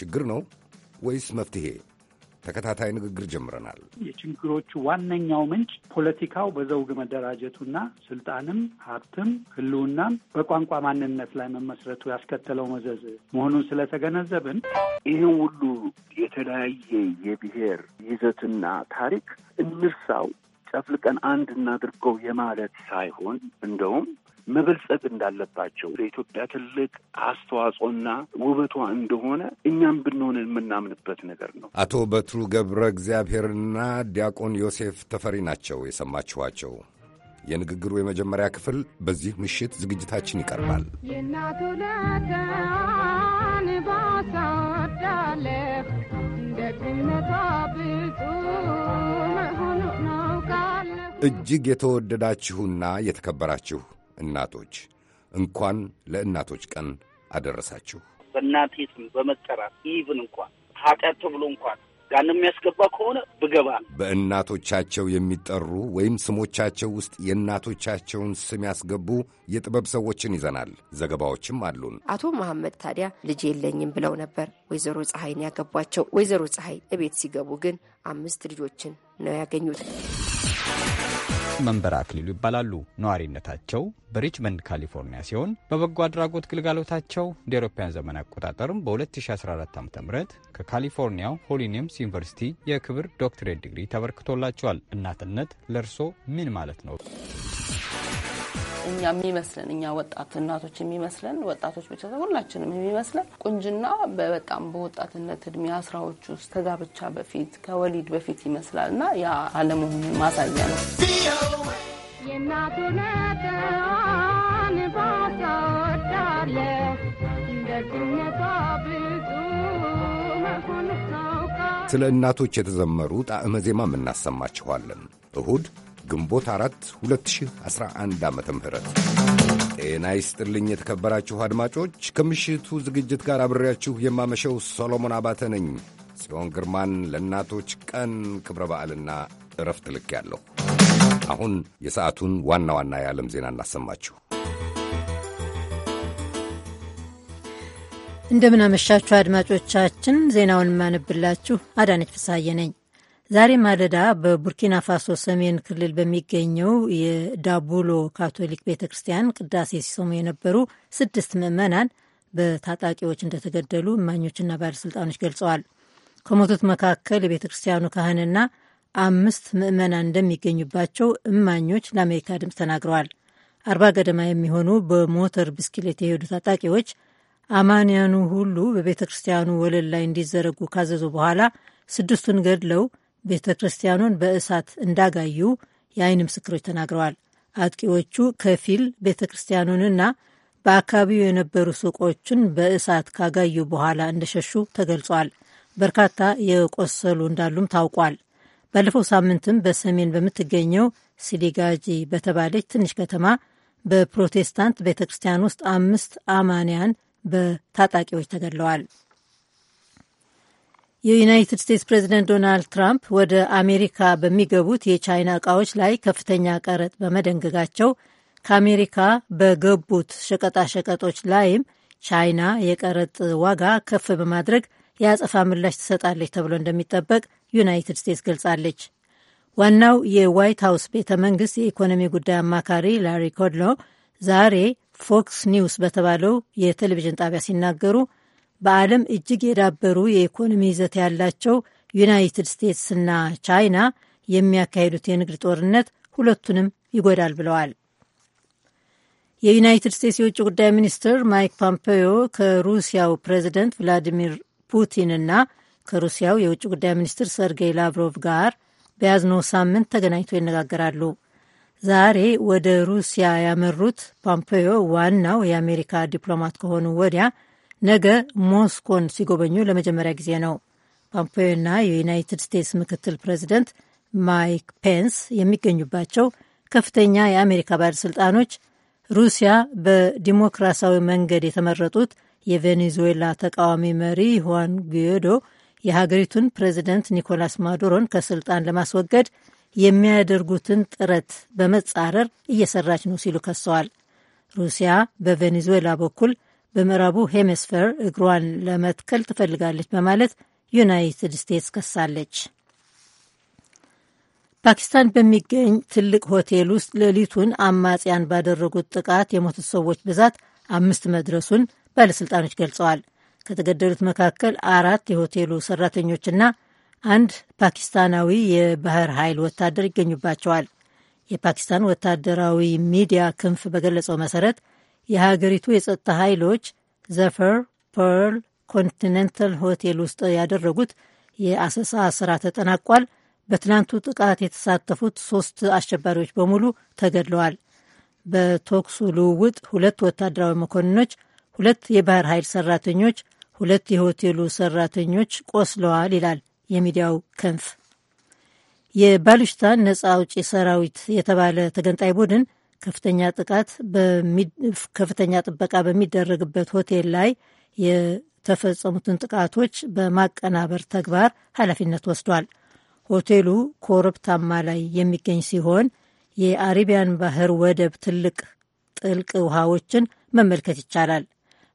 ችግር ነው ወይስ መፍትሄ? ተከታታይ ንግግር ጀምረናል። የችግሮቹ ዋነኛው ምንጭ ፖለቲካው በዘውግ መደራጀቱና ስልጣንም ሀብትም ህልውናም በቋንቋ ማንነት ላይ መመስረቱ ያስከተለው መዘዝ መሆኑን ስለተገነዘብን ይህ ሁሉ የተለያየ የብሔር ይዘትና ታሪክ እንርሳው፣ ጨፍልቀን አንድ እናድርገው የማለት ሳይሆን እንደውም መበልጸግ እንዳለባቸው ለኢትዮጵያ ትልቅ አስተዋጽኦና ውበቷ እንደሆነ እኛም ብንሆን የምናምንበት ነገር ነው። አቶ በትሩ ገብረ እግዚአብሔርና ዲያቆን ዮሴፍ ተፈሪ ናቸው የሰማችኋቸው። የንግግሩ የመጀመሪያ ክፍል በዚህ ምሽት ዝግጅታችን ይቀርባል። የእናቱ ለዳን ባሳዳለፍ ደግነቷ መሆኑ ነው። እጅግ የተወደዳችሁና የተከበራችሁ እናቶች እንኳን ለእናቶች ቀን አደረሳችሁ። በእናቴ ስም በመጠራት ኢቭን እንኳን ኃጢአት ተብሎ እንኳን ጋን የሚያስገባ ከሆነ ብገባ በእናቶቻቸው የሚጠሩ ወይም ስሞቻቸው ውስጥ የእናቶቻቸውን ስም ያስገቡ የጥበብ ሰዎችን ይዘናል። ዘገባዎችም አሉን። አቶ መሐመድ ታዲያ ልጅ የለኝም ብለው ነበር ወይዘሮ ፀሐይን ያገቧቸው። ወይዘሮ ፀሐይ እቤት ሲገቡ ግን አምስት ልጆችን ነው ያገኙት። መንበር አክሊሉ ይባላሉ። ነዋሪነታቸው በሪችመንድ ካሊፎርኒያ ሲሆን በበጎ አድራጎት ግልጋሎታቸው እንደ አውሮፓውያን ዘመን አቆጣጠርም በ2014 ዓ ም ከካሊፎርኒያው ሆሊኒየምስ ዩኒቨርሲቲ የክብር ዶክትሬት ዲግሪ ተበርክቶላቸዋል። እናትነት ለእርሶ ምን ማለት ነው? እኛ የሚመስለን እኛ ወጣት እናቶች የሚመስለን ወጣቶች ብቻ ሁላችንም የሚመስለን ቁንጅና በጣም በወጣትነት እድሜ አስራዎች ውስጥ ከጋብቻ በፊት ከወሊድ በፊት ይመስላል እና ያ አለመሆኑን ማሳያ ነው። ስለ እናቶች የተዘመሩ ጣዕመ ዜማም እናሰማችኋለን እሁድ ግንቦት 4 2011 ዓ ም ጤና ይስጥልኝ የተከበራችሁ አድማጮች። ከምሽቱ ዝግጅት ጋር አብሬያችሁ የማመሸው ሶሎሞን አባተ ነኝ። ጽዮን ግርማን ለእናቶች ቀን ክብረ በዓልና እረፍት ልክ ያለሁ። አሁን የሰዓቱን ዋና ዋና የዓለም ዜና እናሰማችሁ። እንደምናመሻችሁ አድማጮቻችን፣ ዜናውን የማነብላችሁ አዳነች ፍሳዬ ነኝ። ዛሬ ማለዳ በቡርኪና ፋሶ ሰሜን ክልል በሚገኘው የዳቡሎ ካቶሊክ ቤተ ክርስቲያን ቅዳሴ ሲሰሙ የነበሩ ስድስት ምዕመናን በታጣቂዎች እንደተገደሉ እማኞችና ባለሥልጣኖች ገልጸዋል። ከሞቱት መካከል የቤተ ክርስቲያኑ ካህንና አምስት ምዕመናን እንደሚገኙባቸው እማኞች ለአሜሪካ ድምፅ ተናግረዋል። አርባ ገደማ የሚሆኑ በሞተር ብስክሌት የሄዱ ታጣቂዎች አማንያኑ ሁሉ በቤተ ክርስቲያኑ ወለል ላይ እንዲዘረጉ ካዘዙ በኋላ ስድስቱን ገድለው ቤተ ክርስቲያኑን በእሳት እንዳጋዩ የአይን ምስክሮች ተናግረዋል። አጥቂዎቹ ከፊል ቤተ ክርስቲያኑንና በአካባቢው የነበሩ ሱቆችን በእሳት ካጋዩ በኋላ እንደሸሹ ተገልጿል። በርካታ የቆሰሉ እንዳሉም ታውቋል። ባለፈው ሳምንትም በሰሜን በምትገኘው ሲሊጋጂ በተባለች ትንሽ ከተማ በፕሮቴስታንት ቤተ ክርስቲያን ውስጥ አምስት አማንያን በታጣቂዎች ተገድለዋል። የዩናይትድ ስቴትስ ፕሬዚደንት ዶናልድ ትራምፕ ወደ አሜሪካ በሚገቡት የቻይና እቃዎች ላይ ከፍተኛ ቀረጥ በመደንገጋቸው ከአሜሪካ በገቡት ሸቀጣሸቀጦች ላይም ቻይና የቀረጥ ዋጋ ከፍ በማድረግ የአጸፋ ምላሽ ትሰጣለች ተብሎ እንደሚጠበቅ ዩናይትድ ስቴትስ ገልጻለች። ዋናው የዋይት ሀውስ ቤተ መንግስት የኢኮኖሚ ጉዳይ አማካሪ ላሪ ኮድሎ ዛሬ ፎክስ ኒውስ በተባለው የቴሌቪዥን ጣቢያ ሲናገሩ በዓለም እጅግ የዳበሩ የኢኮኖሚ ይዘት ያላቸው ዩናይትድ ስቴትስ እና ቻይና የሚያካሂዱት የንግድ ጦርነት ሁለቱንም ይጎዳል ብለዋል። የዩናይትድ ስቴትስ የውጭ ጉዳይ ሚኒስትር ማይክ ፖምፔዮ ከሩሲያው ፕሬዚደንት ቭላዲሚር እና ከሩሲያው የውጭ ጉዳይ ሚኒስትር ሰርጌይ ላቭሮቭ ጋር በያዝነው ሳምንት ተገናኝቶ ይነጋገራሉ። ዛሬ ወደ ሩሲያ ያመሩት ፖምፔዮ ዋናው የአሜሪካ ዲፕሎማት ከሆኑ ወዲያ ነገ ሞስኮን ሲጎበኙ ለመጀመሪያ ጊዜ ነው። ፖምፔዮና የዩናይትድ ስቴትስ ምክትል ፕሬዚደንት ማይክ ፔንስ የሚገኙባቸው ከፍተኛ የአሜሪካ ባለሥልጣኖች ሩሲያ በዲሞክራሲያዊ መንገድ የተመረጡት የቬኔዙዌላ ተቃዋሚ መሪ ሁዋን ጉዮዶ የሀገሪቱን ፕሬዚደንት ኒኮላስ ማዱሮን ከስልጣን ለማስወገድ የሚያደርጉትን ጥረት በመጻረር እየሰራች ነው ሲሉ ከሰዋል። ሩሲያ በቬኔዙዌላ በኩል በምዕራቡ ሄሚስፌር እግሯን ለመትከል ትፈልጋለች በማለት ዩናይትድ ስቴትስ ከሳለች። ፓኪስታን በሚገኝ ትልቅ ሆቴል ውስጥ ሌሊቱን አማጽያን ባደረጉት ጥቃት የሞቱት ሰዎች ብዛት አምስት መድረሱን ባለሥልጣኖች ገልጸዋል። ከተገደሉት መካከል አራት የሆቴሉ ሰራተኞችና አንድ ፓኪስታናዊ የባህር ኃይል ወታደር ይገኙባቸዋል። የፓኪስታን ወታደራዊ ሚዲያ ክንፍ በገለጸው መሠረት የሀገሪቱ የጸጥታ ኃይሎች ዘፈር ፐርል ኮንቲኔንታል ሆቴል ውስጥ ያደረጉት የአሰሳ ስራ ተጠናቋል። በትናንቱ ጥቃት የተሳተፉት ሶስት አሸባሪዎች በሙሉ ተገድለዋል። በተኩሱ ልውውጥ ሁለት ወታደራዊ መኮንኖች፣ ሁለት የባህር ኃይል ሰራተኞች፣ ሁለት የሆቴሉ ሰራተኞች ቆስለዋል ይላል የሚዲያው ክንፍ። የባሉሽታን ነጻ አውጪ ሰራዊት የተባለ ተገንጣይ ቡድን ከፍተኛ ጥቃት ከፍተኛ ጥበቃ በሚደረግበት ሆቴል ላይ የተፈጸሙትን ጥቃቶች በማቀናበር ተግባር ኃላፊነት ወስዷል። ሆቴሉ ኮረብታማ ላይ የሚገኝ ሲሆን የአሪቢያን ባህር ወደብ ትልቅ ጥልቅ ውሃዎችን መመልከት ይቻላል።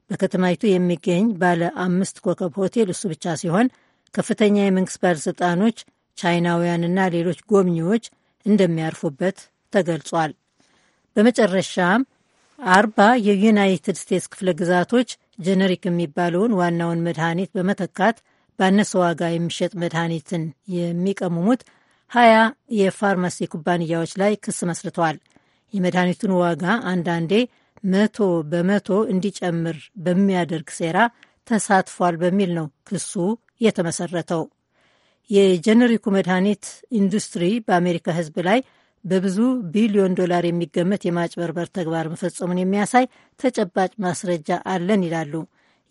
በከተማይቱ የሚገኝ ባለ አምስት ኮከብ ሆቴል እሱ ብቻ ሲሆን ከፍተኛ የመንግስት ባለሥልጣኖች፣ ቻይናውያንና ሌሎች ጎብኚዎች እንደሚያርፉበት ተገልጿል። በመጨረሻም አርባ የዩናይትድ ስቴትስ ክፍለ ግዛቶች ጀነሪክ የሚባለውን ዋናውን መድኃኒት በመተካት ባነሰ ዋጋ የሚሸጥ መድኃኒትን የሚቀምሙት ሀያ የፋርማሲ ኩባንያዎች ላይ ክስ መስርተዋል። የመድኃኒቱን ዋጋ አንዳንዴ መቶ በመቶ እንዲጨምር በሚያደርግ ሴራ ተሳትፏል በሚል ነው ክሱ የተመሰረተው። የጀነሪኩ መድኃኒት ኢንዱስትሪ በአሜሪካ ሕዝብ ላይ በብዙ ቢሊዮን ዶላር የሚገመት የማጭበርበር ተግባር መፈጸሙን የሚያሳይ ተጨባጭ ማስረጃ አለን ይላሉ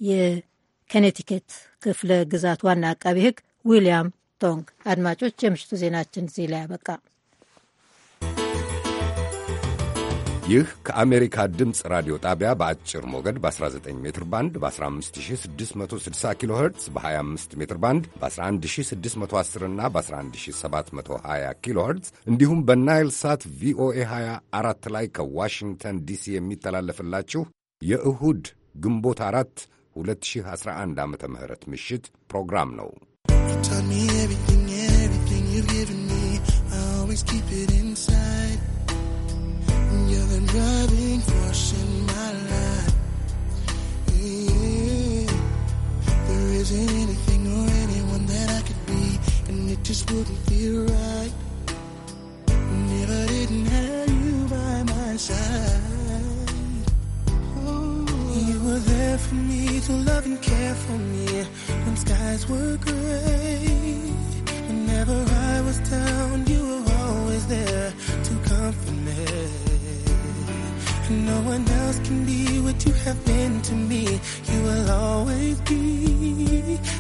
የኬኔቲኬት ክፍለ ግዛት ዋና አቃቢ ሕግ ዊልያም ቶንግ። አድማጮች፣ የምሽቱ ዜናችን እዚህ ላይ ያበቃ። ይህ ከአሜሪካ ድምፅ ራዲዮ ጣቢያ በአጭር ሞገድ በ19 ሜትር ባንድ በ15660 ኪሎ ኸርትዝ በ25 ሜትር ባንድ በ11610 እና በ11720 ኪሎ ኸርትዝ እንዲሁም በናይል ሳት ቪኦኤ 24 ላይ ከዋሽንግተን ዲሲ የሚተላለፍላችሁ የእሁድ ግንቦት 4 2011 ዓ ም ምሽት ፕሮግራም ነው። me everything, everything you've given me. I always keep it inside. You're the driving force in my life. There isn't anything or anyone that I could be, and it just wouldn't feel right. Never didn't have you by my side, oh. you were there for me to love and care for me when skies were gray. Whenever I was down, you were always there to comfort me. No one else can be what you have been to me. You will always be,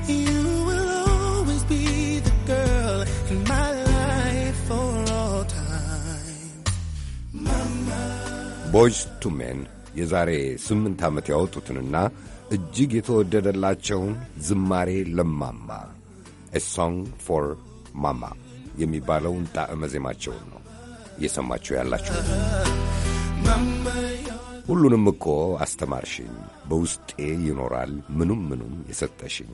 you will always be the girl in my life for all time. Mama. Boys to Men የዛሬ ስምንት ዓመት ያወጡትንና እጅግ የተወደደላቸውን ዝማሬ ለማማ ኤ ሶንግ ፎር ማማ የሚባለውን ጣዕመ ዜማቸውን ነው እየሰማችሁ ያላችሁ። ሁሉንም እኮ አስተማርሽኝ፣ በውስጤ ይኖራል ምኑም ምኑም የሰጠሽኝ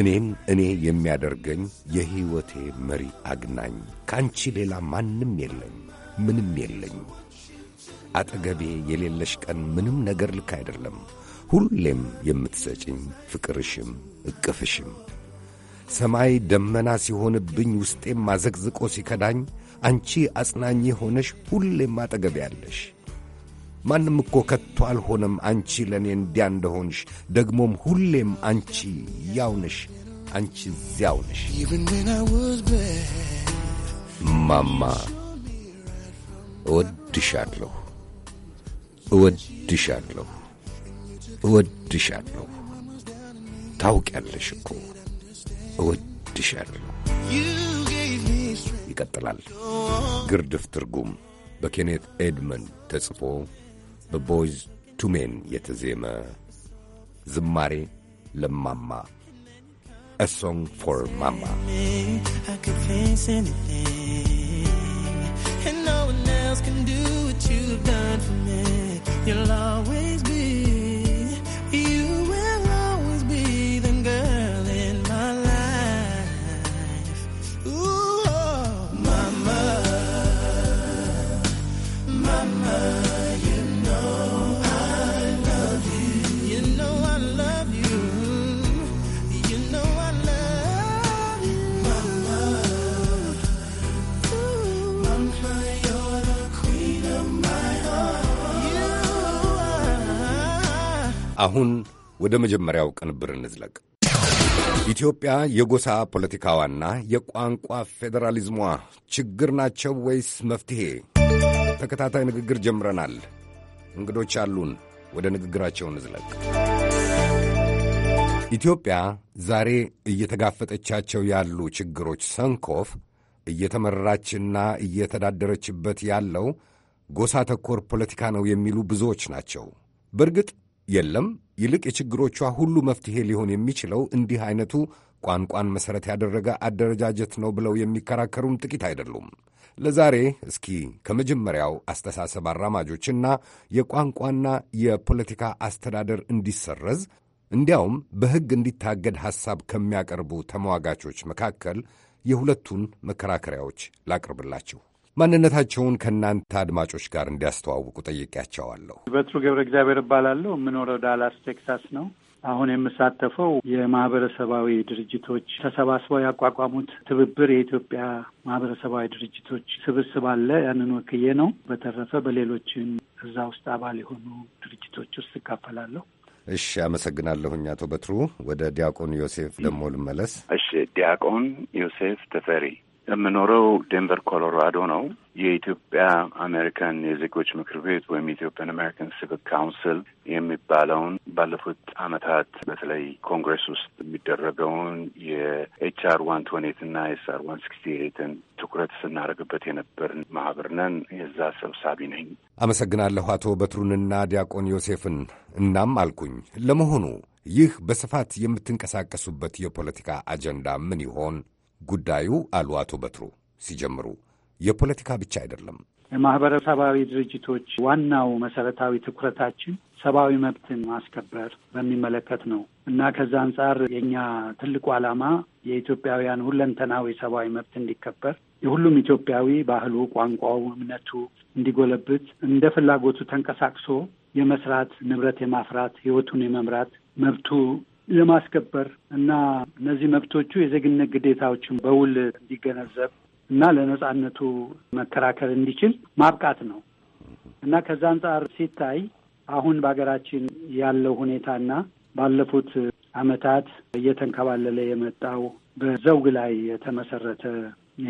እኔን እኔ የሚያደርገኝ የሕይወቴ መሪ አግናኝ፣ ከአንቺ ሌላ ማንም የለኝ ምንም የለኝ። አጠገቤ የሌለሽ ቀን ምንም ነገር ልክ አይደለም። ሁሌም የምትሰጭኝ ፍቅርሽም እቅፍሽም ሰማይ ደመና ሲሆንብኝ ውስጤም አዘቅዝቆ ሲከዳኝ አንቺ አጽናኝ ሆነሽ ሁሌም አጠገብ ያለሽ ማንም እኮ ከቶ አልሆነም አንቺ ለእኔ እንዲያ እንደሆንሽ ደግሞም ሁሌም አንቺ ያውነሽ አንቺ እዚያውነሽ ማማ እወድሻለሁ እወድሻለሁ እወድሻለሁ ታውቂያለሽ እኮ እወድሻለሁ ይቀጥላል። ግርድፍ ትርጉም በኬኔት ተጽፎ በቦይዝ ቱሜን የተዜመ ዝማሬ ለማማ A Song for Mama I could face anything And no one else can do what you've done for me You'll always be አሁን ወደ መጀመሪያው ቅንብር እንዝለቅ። ኢትዮጵያ የጎሳ ፖለቲካዋና የቋንቋ ፌዴራሊዝሟ ችግር ናቸው ወይስ መፍትሔ? ተከታታይ ንግግር ጀምረናል። እንግዶች አሉን። ወደ ንግግራቸው እንዝለቅ። ኢትዮጵያ ዛሬ እየተጋፈጠቻቸው ያሉ ችግሮች ሰንኮፍ እየተመራችና እየተዳደረችበት ያለው ጎሳ ተኮር ፖለቲካ ነው የሚሉ ብዙዎች ናቸው። በእርግጥ የለም፣ ይልቅ የችግሮቿ ሁሉ መፍትሄ ሊሆን የሚችለው እንዲህ አይነቱ ቋንቋን መሠረት ያደረገ አደረጃጀት ነው ብለው የሚከራከሩም ጥቂት አይደሉም። ለዛሬ እስኪ ከመጀመሪያው አስተሳሰብ አራማጆችና የቋንቋና የፖለቲካ አስተዳደር እንዲሰረዝ እንዲያውም በሕግ እንዲታገድ ሐሳብ ከሚያቀርቡ ተሟጋቾች መካከል የሁለቱን መከራከሪያዎች ላቅርብላችሁ። ማንነታቸውን ከእናንተ አድማጮች ጋር እንዲያስተዋውቁ ጠይቄያቸዋለሁ። በትሩ ገብረ እግዚአብሔር እባላለሁ። የምኖረው ዳላስ ቴክሳስ ነው። አሁን የምሳተፈው የማህበረሰባዊ ድርጅቶች ተሰባስበው ያቋቋሙት ትብብር የኢትዮጵያ ማህበረሰባዊ ድርጅቶች ስብስብ አለ። ያንን ወክዬ ነው። በተረፈ በሌሎችን እዛ ውስጥ አባል የሆኑ ድርጅቶች ውስጥ እካፈላለሁ። እሺ፣ አመሰግናለሁኝ አቶ በትሩ። ወደ ዲያቆን ዮሴፍ ደግሞ ልመለስ። እሺ፣ ዲያቆን ዮሴፍ ተፈሪ የምኖረው ዴንቨር ኮሎራዶ ነው። የኢትዮጵያ አሜሪካን የዜጎች ምክር ቤት ወይም ኢትዮጵያን አሜሪካን ሲቪክ ካውንስል የሚባለውን ባለፉት ዓመታት በተለይ ኮንግረስ ውስጥ የሚደረገውን የኤችአር ዋን ቶኔት እና ኤችአር ዋን ሲክስቲ ኤትን ትኩረት ስናደርግበት የነበርን ማህበር ነን። የዛ ሰብሳቢ ነኝ። አመሰግናለሁ አቶ በትሩንና ዲያቆን ዮሴፍን። እናም አልኩኝ ለመሆኑ ይህ በስፋት የምትንቀሳቀሱበት የፖለቲካ አጀንዳ ምን ይሆን? ጉዳዩ አሉ አቶ በትሩ ሲጀምሩ የፖለቲካ ብቻ አይደለም። የማህበረሰባዊ ድርጅቶች ዋናው መሰረታዊ ትኩረታችን ሰብአዊ መብትን ማስከበር በሚመለከት ነው እና ከዛ አንጻር የእኛ ትልቁ ዓላማ የኢትዮጵያውያን ሁለንተናዊ ሰብአዊ መብት እንዲከበር የሁሉም ኢትዮጵያዊ ባህሉ፣ ቋንቋው፣ እምነቱ እንዲጎለብት እንደ ፍላጎቱ ተንቀሳቅሶ የመስራት ንብረት የማፍራት ህይወቱን የመምራት መብቱ የማስከበር እና እነዚህ መብቶቹ የዜግነት ግዴታዎችን በውል እንዲገነዘብ እና ለነጻነቱ መከራከር እንዲችል ማብቃት ነው እና ከዛ አንጻር ሲታይ አሁን በሀገራችን ያለው ሁኔታና ባለፉት ዓመታት እየተንከባለለ የመጣው በዘውግ ላይ የተመሰረተ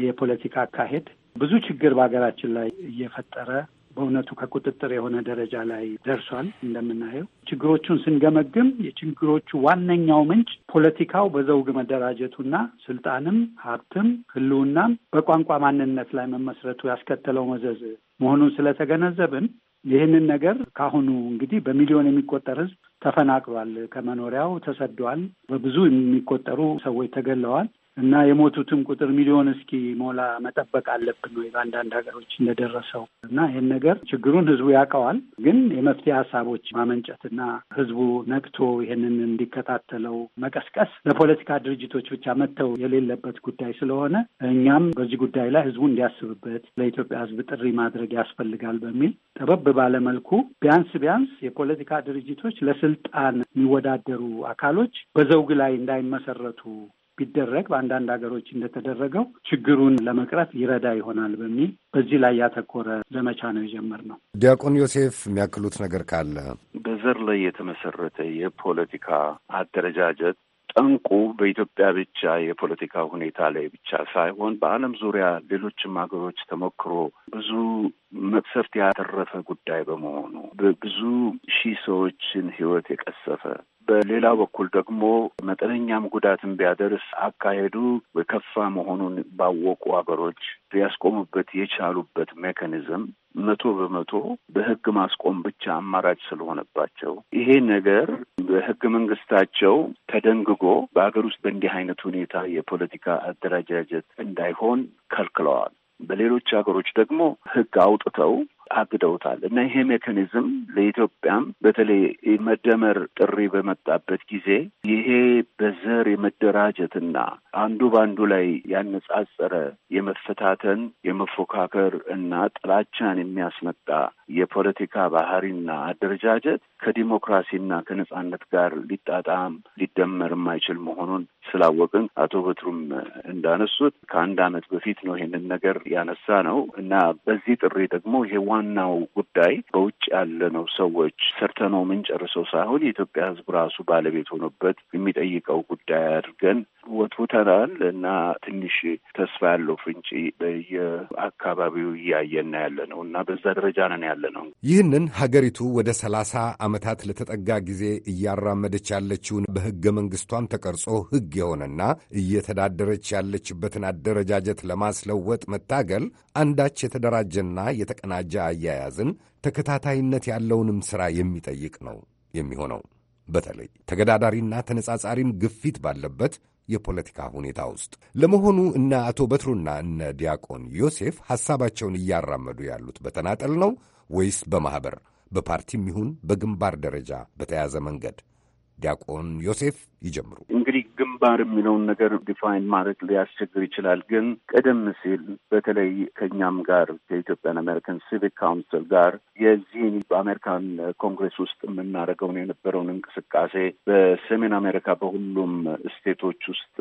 የፖለቲካ አካሄድ ብዙ ችግር በሀገራችን ላይ እየፈጠረ በእውነቱ ከቁጥጥር የሆነ ደረጃ ላይ ደርሷል። እንደምናየው ችግሮቹን ስንገመግም የችግሮቹ ዋነኛው ምንጭ ፖለቲካው በዘውግ መደራጀቱና ስልጣንም ሀብትም ህልውናም በቋንቋ ማንነት ላይ መመስረቱ ያስከተለው መዘዝ መሆኑን ስለተገነዘብን ይህንን ነገር ከአሁኑ እንግዲህ በሚሊዮን የሚቆጠር ህዝብ ተፈናቅሏል፣ ከመኖሪያው ተሰዷል፣ በብዙ የሚቆጠሩ ሰዎች ተገለዋል። እና የሞቱትም ቁጥር ሚሊዮን እስኪ ሞላ መጠበቅ አለብን ወይ በአንዳንድ ሀገሮች እንደደረሰው እና ይህን ነገር ችግሩን ህዝቡ ያውቀዋል። ግን የመፍትሄ ሀሳቦች ማመንጨትና ህዝቡ ነቅቶ ይህንን እንዲከታተለው መቀስቀስ ለፖለቲካ ድርጅቶች ብቻ መተው የሌለበት ጉዳይ ስለሆነ እኛም በዚህ ጉዳይ ላይ ህዝቡ እንዲያስብበት ለኢትዮጵያ ህዝብ ጥሪ ማድረግ ያስፈልጋል በሚል ጠበብ ባለመልኩ ቢያንስ ቢያንስ የፖለቲካ ድርጅቶች ለስልጣን የሚወዳደሩ አካሎች በዘውግ ላይ እንዳይመሰረቱ ቢደረግ በአንዳንድ ሀገሮች እንደተደረገው ችግሩን ለመቅረፍ ይረዳ ይሆናል በሚል በዚህ ላይ ያተኮረ ዘመቻ ነው የጀመርነው። ዲያቆን ዮሴፍ የሚያክሉት ነገር ካለ በዘር ላይ የተመሰረተ የፖለቲካ አደረጃጀት ጠንቁ በኢትዮጵያ ብቻ የፖለቲካ ሁኔታ ላይ ብቻ ሳይሆን በዓለም ዙሪያ ሌሎችም ሀገሮች ተሞክሮ ብዙ መቅሰፍት ያተረፈ ጉዳይ በመሆኑ ብዙ ሺህ ሰዎችን ሕይወት የቀሰፈ በሌላ በኩል ደግሞ መጠነኛም ጉዳትን ቢያደርስ አካሄዱ የከፋ መሆኑን ባወቁ ሀገሮች ሊያስቆሙበት የቻሉበት ሜካኒዝም መቶ በመቶ በህግ ማስቆም ብቻ አማራጭ ስለሆነባቸው ይሄ ነገር በህገ መንግስታቸው ተደንግጎ በሀገር ውስጥ በእንዲህ አይነት ሁኔታ የፖለቲካ አደረጃጀት እንዳይሆን ከልክለዋል። በሌሎች ሀገሮች ደግሞ ህግ አውጥተው አግደውታል እና ይሄ ሜካኒዝም ለኢትዮጵያም በተለይ የመደመር ጥሪ በመጣበት ጊዜ ይሄ በዘር የመደራጀትና አንዱ በአንዱ ላይ ያነጻጸረ የመፈታተን የመፎካከር እና ጥላቻን የሚያስመጣ የፖለቲካ ባህሪና አደረጃጀት ከዲሞክራሲና ከነጻነት ጋር ሊጣጣም ሊደመር የማይችል መሆኑን ስላወቅን አቶ በትሩም እንዳነሱት ከአንድ ዓመት በፊት ነው ይሄንን ነገር ያነሳ ነው እና በዚህ ጥሪ ደግሞ ይሄ ዋናው ጉዳይ በውጭ ነው ሰዎች ሰርተነው ጨርሰው ሳይሆን የኢትዮጵያ ሕዝብ ራሱ ባለቤት ሆኖበት የሚጠይቀው ጉዳይ አድርገን ወትውተናል እና ትንሽ ተስፋ ያለው ፍንጭ በየአካባቢው እያየን ያለ ነው እና በዛ ደረጃ ነን ያለ ነው። ይህንን ሀገሪቱ ወደ ሰላሳ ዓመታት ለተጠጋ ጊዜ እያራመደች ያለችውን በህገ መንግሥቷም ተቀርጾ ህግ የሆነና እየተዳደረች ያለችበትን አደረጃጀት ለማስለወጥ መታገል አንዳች የተደራጀና የተቀናጀ አያያዝን ተከታታይነት ያለውንም ሥራ የሚጠይቅ ነው የሚሆነው በተለይ ተገዳዳሪና ተነጻጻሪም ግፊት ባለበት የፖለቲካ ሁኔታ ውስጥ። ለመሆኑ እነ አቶ በትሩና እነ ዲያቆን ዮሴፍ ሐሳባቸውን እያራመዱ ያሉት በተናጠል ነው ወይስ በማኅበር በፓርቲም ይሁን በግንባር ደረጃ በተያዘ መንገድ? ዲያቆን ዮሴፍ ይጀምሩ። እንግዲህ ግንባር የሚለውን ነገር ዲፋይን ማድረግ ሊያስቸግር ይችላል። ግን ቀደም ሲል በተለይ ከእኛም ጋር ከኢትዮጵያን አሜሪካን ሲቪክ ካውንስል ጋር የዚህን በአሜሪካን ኮንግሬስ ውስጥ የምናደርገውን የነበረውን እንቅስቃሴ በሰሜን አሜሪካ በሁሉም ስቴቶች ውስጥ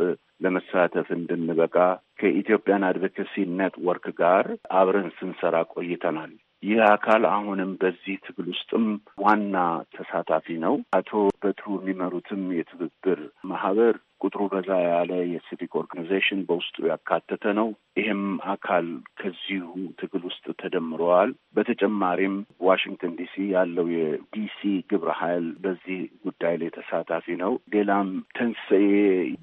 ለመሳተፍ እንድንበቃ ከኢትዮጵያን አድቮኬሲ ኔትወርክ ጋር አብረን ስንሰራ ቆይተናል። ይህ አካል አሁንም በዚህ ትግል ውስጥም ዋና ተሳታፊ ነው። አቶ በትሩ የሚመሩትም የትብብር ማህበር ቁጥሩ በዛ ያለ የሲቪክ ኦርጋናይዜሽን በውስጡ ያካተተ ነው። ይህም አካል ከዚሁ ትግል ውስጥ ተደምረዋል። በተጨማሪም ዋሽንግተን ዲሲ ያለው የዲሲ ግብረ ኃይል በዚህ ጉዳይ ላይ ተሳታፊ ነው። ሌላም ተንስዬ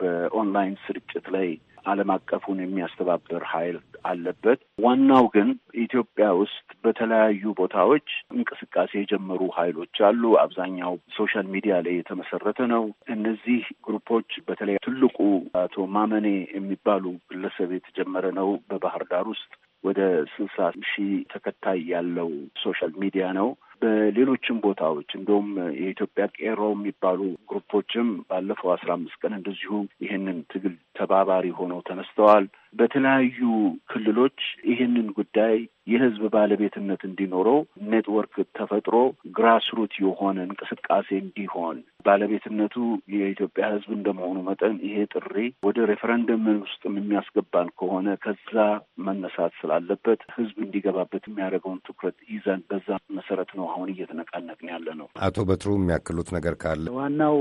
በኦንላይን ስርጭት ላይ ዓለም አቀፉን የሚያስተባብር ኃይል አለበት። ዋናው ግን ኢትዮጵያ ውስጥ በተለያዩ ቦታዎች እንቅስቃሴ የጀመሩ ኃይሎች አሉ። አብዛኛው ሶሻል ሚዲያ ላይ የተመሰረተ ነው። እነዚህ ግሩፖች በተለይ ትልቁ አቶ ማመኔ የሚባሉ ግለሰብ የተጀመረ ነው በባህር ዳር ውስጥ ወደ ስልሳ ሺህ ተከታይ ያለው ሶሻል ሚዲያ ነው። በሌሎችም ቦታዎች እንደውም የኢትዮጵያ ቄሮ የሚባሉ ግሩፖችም ባለፈው አስራ አምስት ቀን እንደዚሁ ይህንን ትግል ተባባሪ ሆነው ተነስተዋል። በተለያዩ ክልሎች ይህንን ጉዳይ የህዝብ ባለቤትነት እንዲኖረው ኔትወርክ ተፈጥሮ ግራስሩት የሆነ እንቅስቃሴ እንዲሆን ባለቤትነቱ የኢትዮጵያ ህዝብ እንደመሆኑ መጠን ይሄ ጥሪ ወደ ሬፈረንደም ውስጥ የሚያስገባን ከሆነ ከዛ መነሳት ስላለበት ህዝብ እንዲገባበት የሚያደርገውን ትኩረት ይዘን በዛ መሰረት ነው አሁን እየተነቃነቅን ያለ ነው። አቶ በትሩ የሚያክሉት ነገር ካለ? ዋናው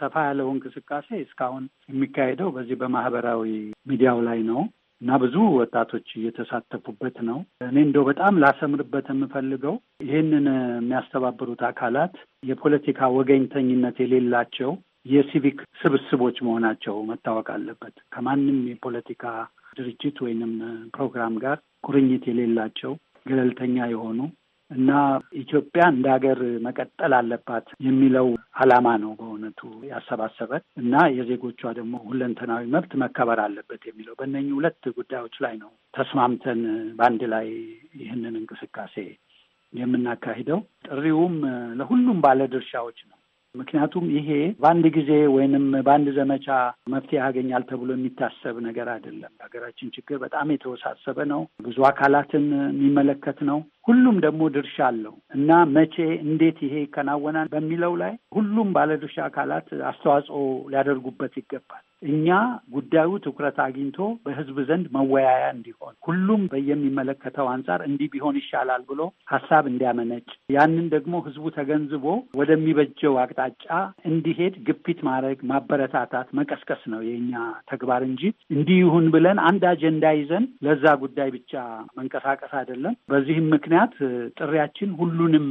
ሰፋ ያለው እንቅስቃሴ እስካሁን የሚካሄደው በዚህ በማህበራዊ ሚዲያው ላይ ነው። እና ብዙ ወጣቶች እየተሳተፉበት ነው። እኔ እንደው በጣም ላሰምርበት የምፈልገው ይህንን የሚያስተባብሩት አካላት የፖለቲካ ወገኝተኝነት የሌላቸው የሲቪክ ስብስቦች መሆናቸው መታወቅ አለበት። ከማንም የፖለቲካ ድርጅት ወይንም ፕሮግራም ጋር ቁርኝት የሌላቸው ገለልተኛ የሆኑ እና ኢትዮጵያ እንደ ሀገር መቀጠል አለባት የሚለው ዓላማ ነው በእውነቱ ያሰባሰበ እና የዜጎቿ ደግሞ ሁለንተናዊ መብት መከበር አለበት የሚለው በእነኚህ ሁለት ጉዳዮች ላይ ነው ተስማምተን በአንድ ላይ ይህንን እንቅስቃሴ የምናካሂደው። ጥሪውም ለሁሉም ባለድርሻዎች ነው። ምክንያቱም ይሄ በአንድ ጊዜ ወይንም በአንድ ዘመቻ መፍትሄ ያገኛል ተብሎ የሚታሰብ ነገር አይደለም። የሀገራችን ችግር በጣም የተወሳሰበ ነው። ብዙ አካላትን የሚመለከት ነው። ሁሉም ደግሞ ድርሻ አለው እና መቼ፣ እንዴት ይሄ ይከናወናል በሚለው ላይ ሁሉም ባለድርሻ አካላት አስተዋጽኦ ሊያደርጉበት ይገባል። እኛ ጉዳዩ ትኩረት አግኝቶ በህዝብ ዘንድ መወያያ እንዲሆን ሁሉም በየሚመለከተው አንጻር እንዲህ ቢሆን ይሻላል ብሎ ሀሳብ እንዲያመነጭ ያንን ደግሞ ህዝቡ ተገንዝቦ ወደሚበጀው አቅጣጫ እንዲሄድ ግፊት ማድረግ፣ ማበረታታት፣ መቀስቀስ ነው የእኛ ተግባር እንጂ እንዲህ ይሁን ብለን አንድ አጀንዳ ይዘን ለዛ ጉዳይ ብቻ መንቀሳቀስ አይደለም። በዚህም ምክንያት ጥሪያችን ሁሉንም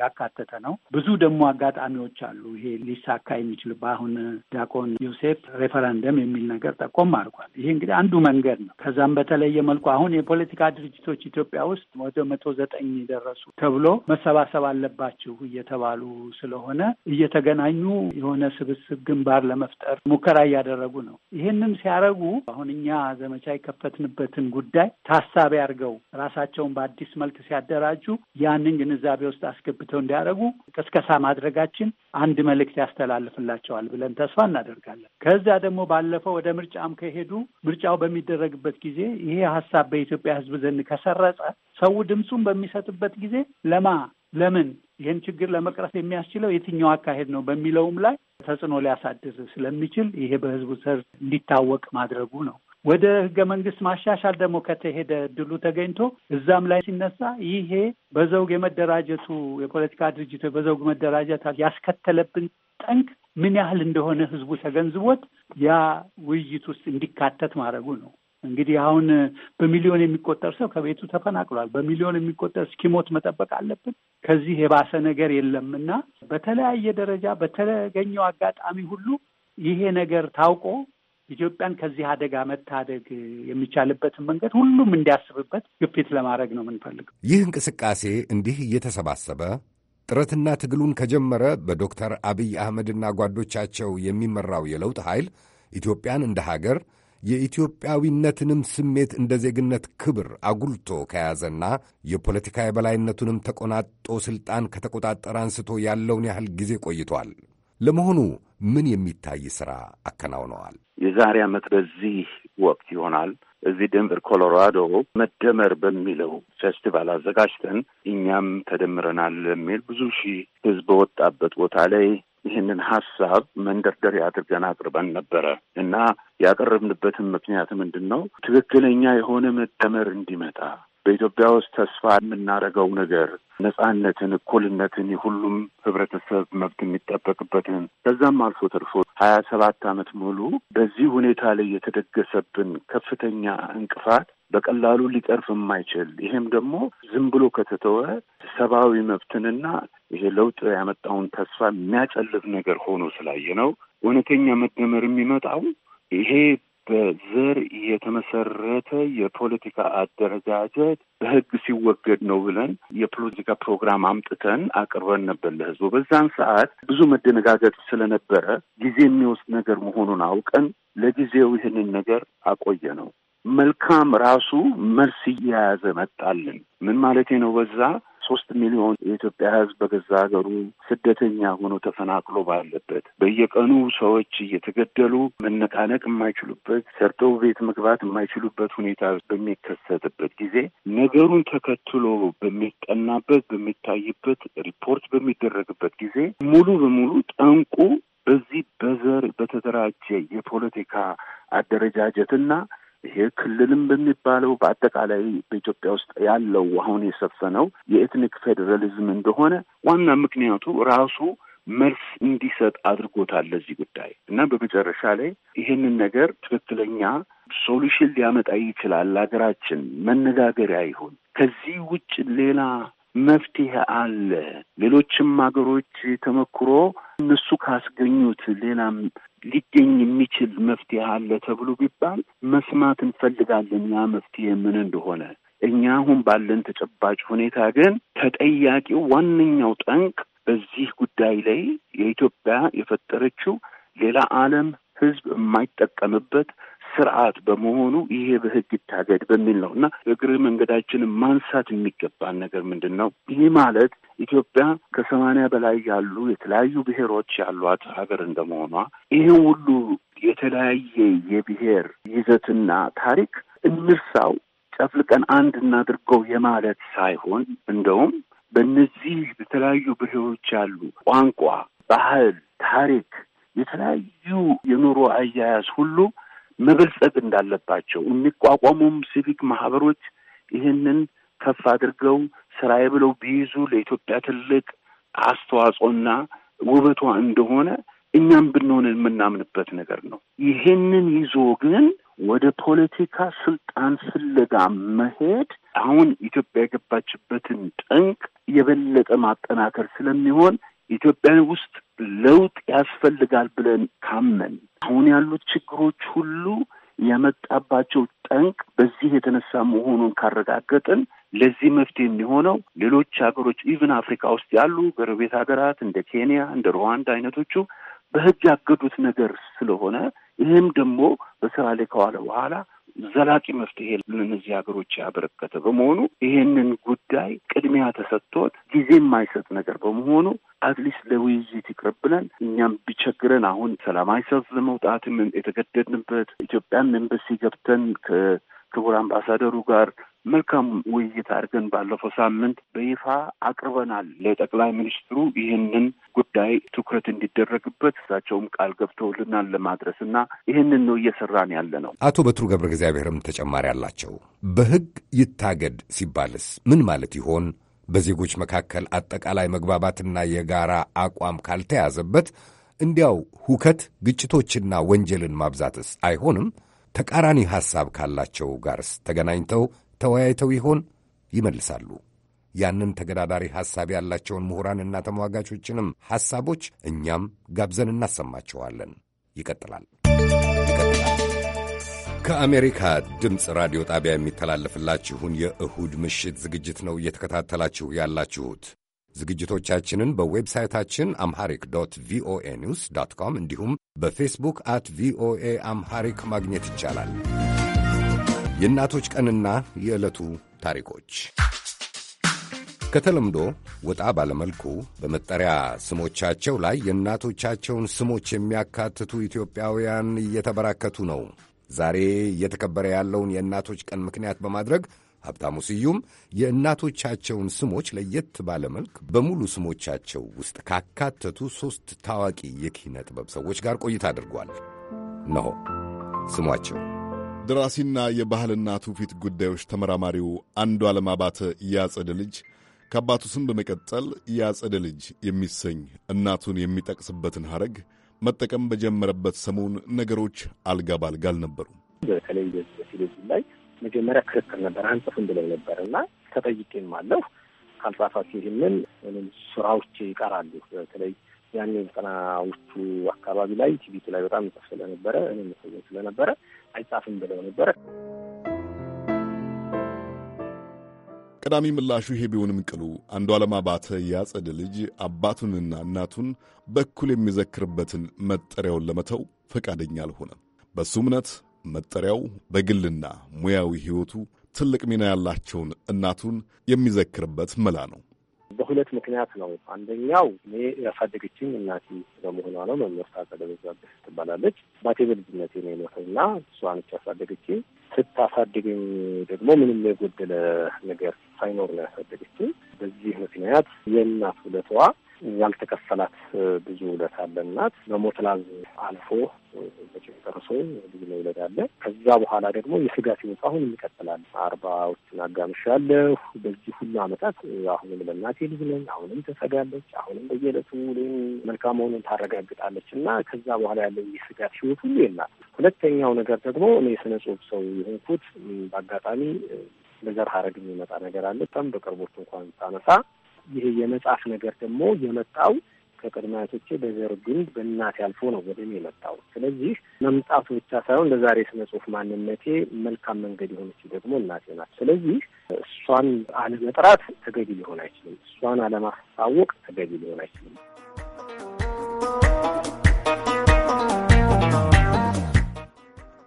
ያካተተ ነው። ብዙ ደግሞ አጋጣሚዎች አሉ። ይሄ ሊሳካ የሚችል በአሁን ዲያቆን ዮሴፍ ሬፈረንደም የሚል ነገር ጠቆም አድርጓል። ይሄ እንግዲህ አንዱ መንገድ ነው። ከዛም በተለየ መልኩ አሁን የፖለቲካ ድርጅቶች ኢትዮጵያ ውስጥ ወደ መቶ ዘጠኝ ደረሱ ተብሎ መሰባሰብ አለባችሁ እየተባሉ ስለሆነ እየተገናኙ የሆነ ስብስብ ግንባር ለመፍጠር ሙከራ እያደረጉ ነው። ይሄንን ሲያደርጉ አሁን እኛ ዘመቻ የከፈትንበትን ጉዳይ ታሳቢ አድርገው ራሳቸውን በአዲስ መልክ ሲያደራጁ ያንን ግንዛቤ ውስጥ አስገብ አስፍተው እንዲያደርጉ ቅስቀሳ ማድረጋችን አንድ መልእክት ያስተላልፍላቸዋል ብለን ተስፋ እናደርጋለን። ከዚያ ደግሞ ባለፈው ወደ ምርጫም ከሄዱ ምርጫው በሚደረግበት ጊዜ ይሄ ሀሳብ በኢትዮጵያ ሕዝብ ዘንድ ከሰረጸ ሰው ድምፁን በሚሰጥበት ጊዜ ለማ ለምን ይህን ችግር ለመቅረፍ የሚያስችለው የትኛው አካሄድ ነው በሚለውም ላይ ተጽዕኖ ሊያሳድር ስለሚችል ይሄ በህዝቡ ስር እንዲታወቅ ማድረጉ ነው። ወደ ህገ መንግስት ማሻሻል ደግሞ ከተሄደ እድሉ ተገኝቶ እዛም ላይ ሲነሳ ይሄ በዘውግ የመደራጀቱ የፖለቲካ ድርጅቶች በዘውግ መደራጀት ያስከተለብን ጠንቅ ምን ያህል እንደሆነ ህዝቡ ተገንዝቦት ያ ውይይት ውስጥ እንዲካተት ማድረጉ ነው። እንግዲህ አሁን በሚሊዮን የሚቆጠር ሰው ከቤቱ ተፈናቅሏል። በሚሊዮን የሚቆጠር እስኪሞት መጠበቅ አለብን። ከዚህ የባሰ ነገር የለም እና በተለያየ ደረጃ በተገኘው አጋጣሚ ሁሉ ይሄ ነገር ታውቆ ኢትዮጵያን ከዚህ አደጋ መታደግ የሚቻልበትን መንገድ ሁሉም እንዲያስብበት ግፊት ለማድረግ ነው የምንፈልገው። ይህ እንቅስቃሴ እንዲህ እየተሰባሰበ ጥረትና ትግሉን ከጀመረ በዶክተር አብይ አህመድና ጓዶቻቸው የሚመራው የለውጥ ኃይል ኢትዮጵያን እንደ ሀገር የኢትዮጵያዊነትንም ስሜት እንደ ዜግነት ክብር አጉልቶ ከያዘና የፖለቲካ የበላይነቱንም ተቆናጦ ስልጣን ከተቆጣጠረ አንስቶ ያለውን ያህል ጊዜ ቆይቷል። ለመሆኑ ምን የሚታይ ስራ አከናውነዋል? የዛሬ ዓመት በዚህ ወቅት ይሆናል እዚህ ደንቨር ኮሎራዶ መደመር በሚለው ፌስቲቫል አዘጋጅተን እኛም ተደምረናል የሚል ብዙ ሺህ ህዝብ በወጣበት ቦታ ላይ ይህንን ሀሳብ መንደርደሪያ አድርገን አቅርበን ነበረ እና ያቀረብንበትን ምክንያት ምንድን ነው? ትክክለኛ የሆነ መደመር እንዲመጣ በኢትዮጵያ ውስጥ ተስፋ የምናደርገው ነገር ነጻነትን፣ እኩልነትን፣ የሁሉም ህብረተሰብ መብት የሚጠበቅበትን ከዛም አልፎ ተርፎ ሀያ ሰባት አመት ሙሉ በዚህ ሁኔታ ላይ የተደገሰብን ከፍተኛ እንቅፋት በቀላሉ ሊቀርፍ የማይችል ይሄም ደግሞ ዝም ብሎ ከተተወ ሰብአዊ መብትንና ይሄ ለውጥ ያመጣውን ተስፋ የሚያጨልፍ ነገር ሆኖ ስላየ ነው። እውነተኛ መደመር የሚመጣው ይሄ በዘር የተመሰረተ የፖለቲካ አደረጃጀት በህግ ሲወገድ ነው ብለን የፖለቲካ ፕሮግራም አምጥተን አቅርበን ነበር ለህዝቡ። በዛን ሰዓት ብዙ መደነጋገጥ ስለነበረ ጊዜ የሚወስድ ነገር መሆኑን አውቀን ለጊዜው ይህንን ነገር አቆየ ነው። መልካም ራሱ መልስ እየያዘ መጣልን። ምን ማለቴ ነው? በዛ ሶስት ሚሊዮን የኢትዮጵያ ሕዝብ በገዛ ሀገሩ ስደተኛ ሆኖ ተፈናቅሎ ባለበት በየቀኑ ሰዎች እየተገደሉ መነቃነቅ የማይችሉበት ሰርተው ቤት መግባት የማይችሉበት ሁኔታ በሚከሰትበት ጊዜ ነገሩን ተከትሎ በሚጠናበት በሚታይበት ሪፖርት በሚደረግበት ጊዜ ሙሉ በሙሉ ጠንቁ በዚህ በዘር በተደራጀ የፖለቲካ አደረጃጀትና ይሄ ክልልም በሚባለው በአጠቃላይ በኢትዮጵያ ውስጥ ያለው አሁን የሰፈነው የኤትኒክ ፌዴራሊዝም እንደሆነ ዋና ምክንያቱ ራሱ መልስ እንዲሰጥ አድርጎታል ለዚህ ጉዳይ እና በመጨረሻ ላይ ይህንን ነገር ትክክለኛ ሶሉሽን ሊያመጣ ይችላል ሀገራችን መነጋገሪያ ይሁን። ከዚህ ውጭ ሌላ መፍትሄ አለ። ሌሎችም ሀገሮች ተመክሮ እነሱ ካስገኙት ሌላም ሊገኝ የሚችል መፍትሄ አለ ተብሎ ቢባል መስማት እንፈልጋለን ያ መፍትሄ ምን እንደሆነ። እኛ አሁን ባለን ተጨባጭ ሁኔታ ግን ተጠያቂው ዋነኛው ጠንቅ በዚህ ጉዳይ ላይ የኢትዮጵያ የፈጠረችው ሌላ ዓለም ህዝብ የማይጠቀምበት ስርዓት በመሆኑ ይሄ በህግ ይታገድ በሚል ነው እና እግረ መንገዳችንን ማንሳት የሚገባን ነገር ምንድን ነው? ይህ ማለት ኢትዮጵያ ከሰማንያ በላይ ያሉ የተለያዩ ብሔሮች ያሏት ሀገር እንደመሆኗ ይሄ ሁሉ የተለያየ የብሔር ይዘትና ታሪክ እንርሳው፣ ጨፍልቀን አንድ እናድርገው የማለት ሳይሆን እንደውም በእነዚህ የተለያዩ ብሔሮች ያሉ ቋንቋ፣ ባህል፣ ታሪክ የተለያዩ የኑሮ አያያዝ ሁሉ መበልጸግ እንዳለባቸው የሚቋቋሙም ሲቪክ ማህበሮች ይህንን ከፍ አድርገው ስራዬ ብለው ቢይዙ ለኢትዮጵያ ትልቅ አስተዋጽኦና ውበቷ እንደሆነ እኛም ብንሆን የምናምንበት ነገር ነው። ይህንን ይዞ ግን ወደ ፖለቲካ ስልጣን ፍለጋ መሄድ አሁን ኢትዮጵያ የገባችበትን ጠንቅ የበለጠ ማጠናከር ስለሚሆን ኢትዮጵያን ውስጥ ለውጥ ያስፈልጋል ብለን ካመን አሁን ያሉት ችግሮች ሁሉ የመጣባቸው ጠንቅ በዚህ የተነሳ መሆኑን ካረጋገጥን ለዚህ መፍትሄ የሚሆነው ሌሎች ሀገሮች ኢቭን አፍሪካ ውስጥ ያሉ ጎረቤት ሀገራት እንደ ኬንያ፣ እንደ ሩዋንዳ አይነቶቹ በህግ ያገዱት ነገር ስለሆነ ይህም ደግሞ በስራ ላይ ከዋለ በኋላ ዘላቂ መፍትሄ ለእነዚህ ሀገሮች ያበረከተ በመሆኑ ይህንን ጉዳይ ቅድሚያ ተሰጥቶት ጊዜ የማይሰጥ ነገር በመሆኑ አትሊስት ለውይይት ይቅርብናል። እኛም ቢቸግረን አሁን ሰላማዊ ሰልፍ ለመውጣትም የተገደድንበት ኢትዮጵያም ኤምበሲ ገብተን ከክቡር አምባሳደሩ ጋር መልካም ውይይት አድርገን ባለፈው ሳምንት በይፋ አቅርበናል ለጠቅላይ ሚኒስትሩ ይህንን ጉዳይ ትኩረት እንዲደረግበት እሳቸውም ቃል ገብተውልናል ለማድረስ እና ይህንን ነው እየሰራን ያለ ነው። አቶ በትሩ ገብረ እግዚአብሔርም ተጨማሪ አላቸው። በሕግ ይታገድ ሲባልስ ምን ማለት ይሆን? በዜጎች መካከል አጠቃላይ መግባባትና የጋራ አቋም ካልተያዘበት እንዲያው ሁከት፣ ግጭቶችና ወንጀልን ማብዛትስ አይሆንም? ተቃራኒ ሐሳብ ካላቸው ጋርስ ተገናኝተው ተወያይተው ይሆን? ይመልሳሉ። ያንን ተገዳዳሪ ሐሳብ ያላቸውን ምሁራንና ተሟጋቾችንም ሐሳቦች እኛም ጋብዘን እናሰማቸዋለን ይቀጥላል። ከአሜሪካ ድምፅ ራዲዮ ጣቢያ የሚተላለፍላችሁን የእሁድ ምሽት ዝግጅት ነው እየተከታተላችሁ ያላችሁት። ዝግጅቶቻችንን በዌብሳይታችን አምሃሪክ ዶት ቪኦኤ ኒውስ ዶት ኮም እንዲሁም በፌስቡክ አት ቪኦኤ አምሃሪክ ማግኘት ይቻላል። የእናቶች ቀንና የዕለቱ ታሪኮች ከተለምዶ ወጣ ባለመልኩ በመጠሪያ ስሞቻቸው ላይ የእናቶቻቸውን ስሞች የሚያካትቱ ኢትዮጵያውያን እየተበራከቱ ነው። ዛሬ እየተከበረ ያለውን የእናቶች ቀን ምክንያት በማድረግ ሀብታሙ ስዩም የእናቶቻቸውን ስሞች ለየት ባለመልክ በሙሉ ስሞቻቸው ውስጥ ካካተቱ ሦስት ታዋቂ የኪነ ጥበብ ሰዎች ጋር ቆይታ አድርጓል። እነሆ ስሟቸው ደራሲና የባህልና ትውፊት ጉዳዮች ተመራማሪው አንዱ ዓለም አባተ ያጸደ ልጅ ከአባቱ ስም በመቀጠል ያጸደ ልጅ የሚሰኝ እናቱን የሚጠቅስበትን ሐረግ መጠቀም በጀመረበት ሰሞን ነገሮች አልጋ ባልጋ አልነበሩም። በተለይ በቴሌቪዥን ላይ መጀመሪያ ክርክር ነበር፣ አንጽፍም ብለው ነበር እና ተጠይቄም አለሁ ካልጻፋችሁ ይህንን ስራዎች ይቀራሉ። በተለይ ያኔ ዘጠናዎቹ አካባቢ ላይ ቲቪቱ ላይ በጣም ጽፍ ስለነበረ እኔ ስለነበረ አይጻፍም ብለው ነበረ። ቀዳሚ ምላሹ ይሄ ቢሆንም ቅሉ አንዱ ዓለም አባተ ያጸደ ልጅ አባቱንና እናቱን በኩል የሚዘክርበትን መጠሪያውን ለመተው ፈቃደኛ አልሆነም። በሱ እምነት መጠሪያው በግልና ሙያዊ ሕይወቱ ትልቅ ሚና ያላቸውን እናቱን የሚዘክርበት መላ ነው። በሁለት ምክንያት ነው። አንደኛው እኔ ያሳደገችኝ እናቴ በመሆኗ ነው። መምህር ታጸደ በዛብህ ትባላለች። አባቴ በልጅነቴ ነው የሞተው እና እሷ ነች ያሳደገችኝ። ስታሳድገኝ ደግሞ ምንም የጎደለ ነገር ሳይኖር ነው ያሳደገችኝ። በዚህ ምክንያት የእናት ውለቷ ያልተከፈላት ብዙ ውለት አለ። እናት በሞት አልፎ በጭም ደርሶ ልጅ መውለድ አለ። ከዛ በኋላ ደግሞ የስጋ ሲወጣ አሁንም ይቀጥላል። አርባዎቹን አጋምሻለሁ። በዚህ ሁሉ አመታት አሁንም ለእናቴ ልጅ ነኝ። አሁንም ትሰጋለች። አሁንም በየዕለቱ እኔም መልካም መሆኑን ታረጋግጣለች እና ከዛ በኋላ ያለው የስጋ ህይወት ሁሉ የላት። ሁለተኛው ነገር ደግሞ እኔ የስነ ጽሁፍ ሰው የሆንኩት በአጋጣሚ በዘር ሀረግ የሚመጣ ነገር አለ። በጣም በቅርቦች እንኳን ሳነሳ ይሄ የመጽሐፍ ነገር ደግሞ የመጣው ከቅድመ አያቶቼ በዘር ግንድ በእናት ያልፎ ነው ወደ እኔ የመጣው። ስለዚህ መምጣቱ ብቻ ሳይሆን ለዛሬ ስነ ጽሁፍ ማንነቴ መልካም መንገድ የሆነች ደግሞ እናቴ ናት። ስለዚህ እሷን አለመጥራት ተገቢ ሊሆን አይችልም። እሷን አለማሳወቅ ተገቢ ሊሆን አይችልም።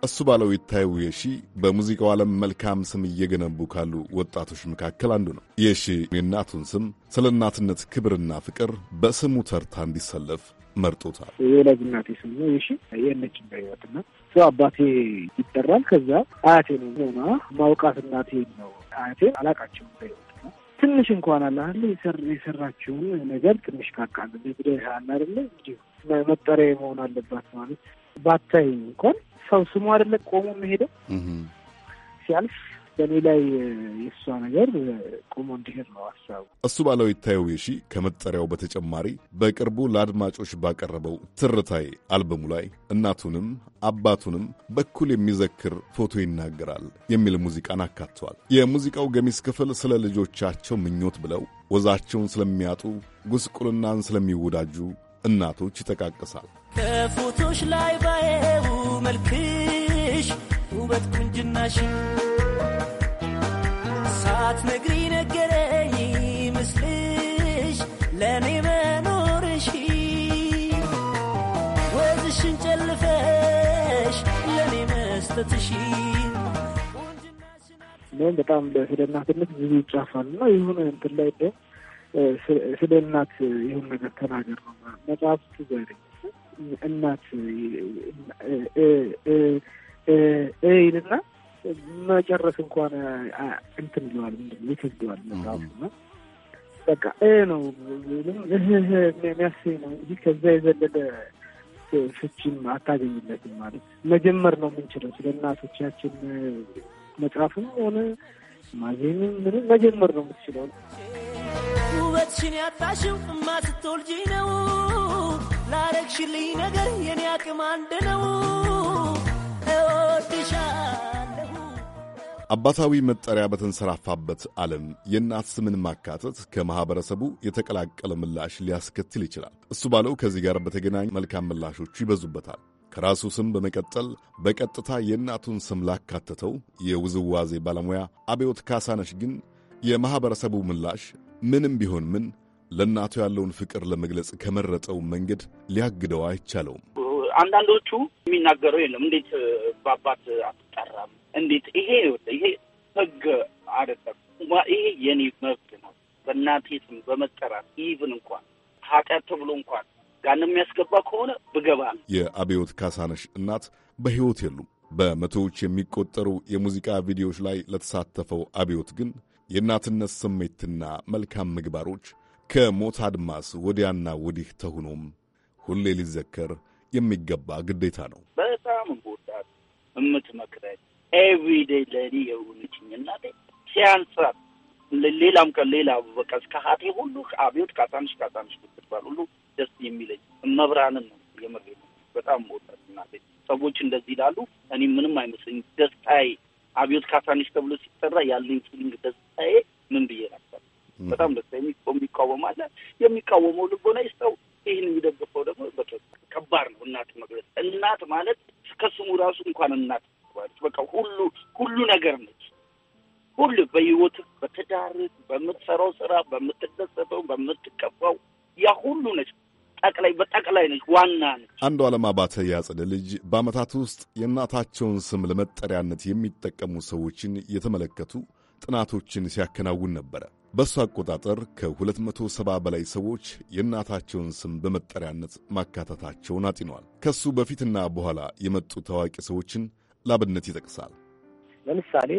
እሱ ባለው ይታየው የሺ በሙዚቃው ዓለም መልካም ስም እየገነቡ ካሉ ወጣቶች መካከል አንዱ ነው። የሺ የእናቱን ስም ስለ እናትነት ክብርና ፍቅር በስሙ ተርታ እንዲሰለፍ መርጦታል። የወላጅ እናቴ ስም ነው የሺ የነች ሰው አባቴ ይጠራል። ከዛ አያቴ ነው ሆና ማውቃት እናቴ ነው። አያቴ አላቃቸው በይወትና ትንሽ እንኳን አላለ የሰራችውን ነገር ትንሽ ካቃለ ጉዳይ አላደለ እንዲሁ መጠሪያ መሆን አለባት ማለት ባታይ እንኳን ሰው ስሙ አይደለ ቆሞ የሚሄደው ሲያልፍ በእኔ ላይ የእሷ ነገር ቆሞ እንዲሄድ ነው ሀሳቡ። እሱ ባለው ይታየው የሺ ከመጠሪያው በተጨማሪ በቅርቡ ለአድማጮች ባቀረበው ትርታይ አልበሙ ላይ እናቱንም አባቱንም በኩል የሚዘክር ፎቶ ይናገራል የሚል ሙዚቃን አካቷል። የሙዚቃው ገሚስ ክፍል ስለ ልጆቻቸው ምኞት ብለው ወዛቸውን ስለሚያጡ ጉስቁልናን ስለሚወዳጁ እናቶች ይጠቃቅሳል። ከፎቶች ላይ ባየው መልክሽ ውበት ቁንጅናሽ ነግሪ ነገረኝ ምስልሽ ለእኔ መኖርሽ ወዝሽን ጨልፈሽ ለእኔ መስጠትሽ በጣም በሄደና ትንሽ ብዙ ይጫፋል እና የሆነ እንትን ላይ ደም ስለ እናት ይሁን ነገር ተናገር ነው መጽሐፍ ትዝ አይለኝ። እናት ይልና መጨረስ እንኳን እንትን ይለዋል ይከብደዋል መጽሐፉ እና በቃ ነው የሚያሰኝ ነው እንጂ ከዛ የዘለለ ፍቺም አታገኝለትም። ማለት መጀመር ነው የምንችለው ስለ እናቶቻችን መጽሐፍም ሆነ ማዜምም ምንም መጀመር ነው የምትችለው። ልጅነትሽን ያጣሽው እማ ስትወልጂ ነው። ላረግሽልኝ ነገር የኔ አቅም አንድ ነው። አባታዊ መጠሪያ በተንሰራፋበት ዓለም የእናት ስምን ማካተት ከማኅበረሰቡ የተቀላቀለ ምላሽ ሊያስከትል ይችላል። እሱ ባለው ከዚህ ጋር በተገናኝ መልካም ምላሾቹ ይበዙበታል። ከራሱ ስም በመቀጠል በቀጥታ የእናቱን ስም ላካተተው የውዝዋዜ ባለሙያ አብዮት ካሳነሽ ግን የማኅበረሰቡ ምላሽ ምንም ቢሆን ምን ለእናቱ ያለውን ፍቅር ለመግለጽ ከመረጠው መንገድ ሊያግደው አይቻለውም። አንዳንዶቹ የሚናገረው የለም እንዴት በአባት አትጠራም? እንዴት ይሄ ይሄ ህግ አይደለም። ይሄ የኔ መብት ነው። በእናቴ ስም በመጠራት ኢቭን እንኳን ኃጢአት ተብሎ እንኳን ጋን የሚያስገባ ከሆነ ብገባ የአብዮት ካሳነሽ እናት በሕይወት የሉም። በመቶዎች የሚቆጠሩ የሙዚቃ ቪዲዮዎች ላይ ለተሳተፈው አብዮት ግን የእናትነት ስሜትና መልካም ምግባሮች ከሞት አድማስ ወዲያና ወዲህ ተሁኖም ሁሌ ሊዘከር የሚገባ ግዴታ ነው። በጣም እንጎዳት የምትመክረኝ ኤቭሪዴ ለእኔ የሆነችኝ እናቴ ሲያንሳት ሌላም ከሌላ ሌላ በቃ እስከ ሀቴ ሁሉ አብዮት ካሳንሽ ካሳንሽ ብትባል ሁሉ ደስ የሚለኝ መብራንን ነው። የምሬ በጣም እንጎዳት እናቴ። ሰዎች እንደዚህ ይላሉ፣ እኔ ምንም አይመስለኝ ደስታዬ አብዮት ካሳንሽ ተብሎ ሲጠራ ያለኝ ፊሊንግ ደስታዬ ምን ብዬ ነበር። በጣም ደስታ የሚቃወም አለ። የሚቃወመው ልቦና ይስጠው። ይህን የሚደግፈው ደግሞ ከባድ ነው። እናት መግለጽ እናት ማለት ከስሙ ራሱ እንኳን እናት ባለች በቃ ሁሉ ሁሉ ነገር ነች። ሁሉ በህይወትህ፣ በትዳርህ፣ በምትሰራው ስራ፣ በምትደሰተው፣ በምትቀባው ያ ሁሉ ነች። ጠቅላይ በጠቅላይ ነች፣ ዋና ነች። አንዱ ዓለም አባተ ያጸደ ልጅ በዓመታት ውስጥ የእናታቸውን ስም ለመጠሪያነት የሚጠቀሙ ሰዎችን የተመለከቱ ጥናቶችን ሲያከናውን ነበረ። በእሱ አቆጣጠር ከ270 በላይ ሰዎች የእናታቸውን ስም በመጠሪያነት ማካተታቸውን አጢኗል። ከሱ በፊትና በኋላ የመጡ ታዋቂ ሰዎችን ላብነት ይጠቅሳል። ለምሳሌ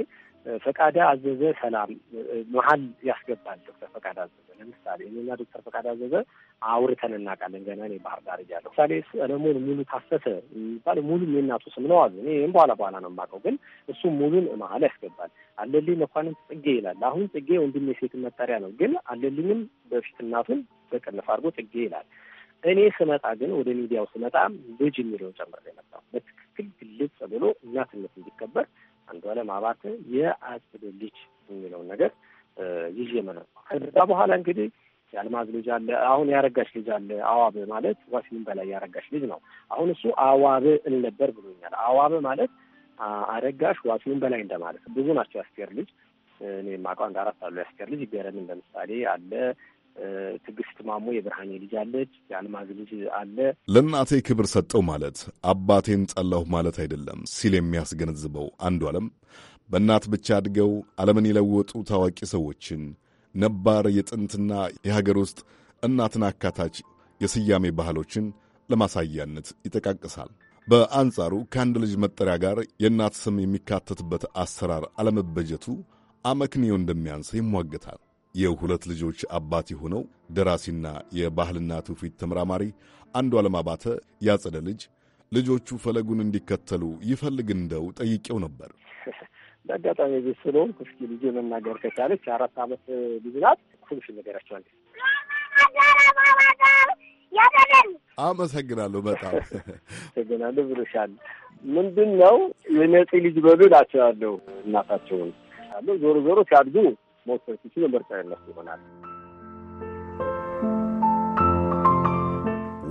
ፈቃደ አዘዘ ሰላም መሀል ያስገባል። ዶክተር ፈቃደ አዘዘ ለምሳሌ እኔና ዶክተር ፈቃድ አዘዘ አውርተን እናውቃለን። ገና እኔ ባህር ዳር እያለሁ ምሳሌ ሰለሞን ሙሉ ታፈተ የሚባል ሙሉ የእናቱ ስም ነው አሉ። ይህም በኋላ በኋላ ነው የማውቀው፣ ግን እሱ ሙሉን መሀል ያስገባል። አለልኝ መኳንንት ጽጌ ይላል። አሁን ጽጌ ወንድም የሴት መጠሪያ ነው፣ ግን አለልኝም በፊት እናቱን በቅንፍ አድርጎ ጽጌ ይላል። እኔ ስመጣ ግን ወደ ሚዲያው ስመጣ ልጅ የሚለውን ጨምር የመጣው በትክክል ግልጽ ብሎ እናትነት እንዲከበር አንዷለም አባተ የአጽድ ልጅ የሚለውን ነገር ይዤ ነው። ከዛ በኋላ እንግዲህ የአልማዝ ልጅ አለ። አሁን ያረጋሽ ልጅ አለ። አዋብ ማለት ዋሲም በላይ ያረጋሽ ልጅ ነው። አሁን እሱ አዋብ እንነበር ብሎኛል። አዋብ ማለት አረጋሽ ዋሲም በላይ እንደማለት ብዙ ናቸው። የአስቴር ልጅ እኔ የማውቀው አንድ አራት አሉ። የአስቴር ልጅ ገረምን እንደምሳሌ አለ። ትዕግስት ማሞ የብርሃኔ ልጅ አለች። የአልማዝ ልጅ አለ። ለእናቴ ክብር ሰጠው ማለት አባቴን ጠላሁ ማለት አይደለም ሲል የሚያስገነዝበው አንዱ አለም በእናት ብቻ አድገው ዓለምን የለወጡ ታዋቂ ሰዎችን ነባር የጥንትና የሀገር ውስጥ እናትን አካታች የስያሜ ባህሎችን ለማሳያነት ይጠቃቅሳል። በአንጻሩ ከአንድ ልጅ መጠሪያ ጋር የእናት ስም የሚካተትበት አሰራር አለመበጀቱ አመክንዮ እንደሚያንስ ይሟገታል። የሁለት ልጆች አባት የሆነው ደራሲና የባህልና ትውፊት ተመራማሪ አንዱ ዓለም አባተ ያጸደ ልጅ ልጆቹ ፈለጉን እንዲከተሉ ይፈልግ እንደው ጠይቄው ነበር። በአጋጣሚ ቤት ስለሆንኩ እስኪ ልጄ መናገር ከቻለች አራት አመት ልጅ ናት። ትንሽ ነገራቸዋለች። አመሰግናለሁ። በጣም አመሰግናለሁ ብሎሻል። ምንድን ነው የነጺ ልጅ በሉ እላቸዋለሁ እናታቸውን አለ ዞሮ ዞሮ ሲያድጉ መወሰን ሲችሉ ምርጫ የነሱ ይሆናል።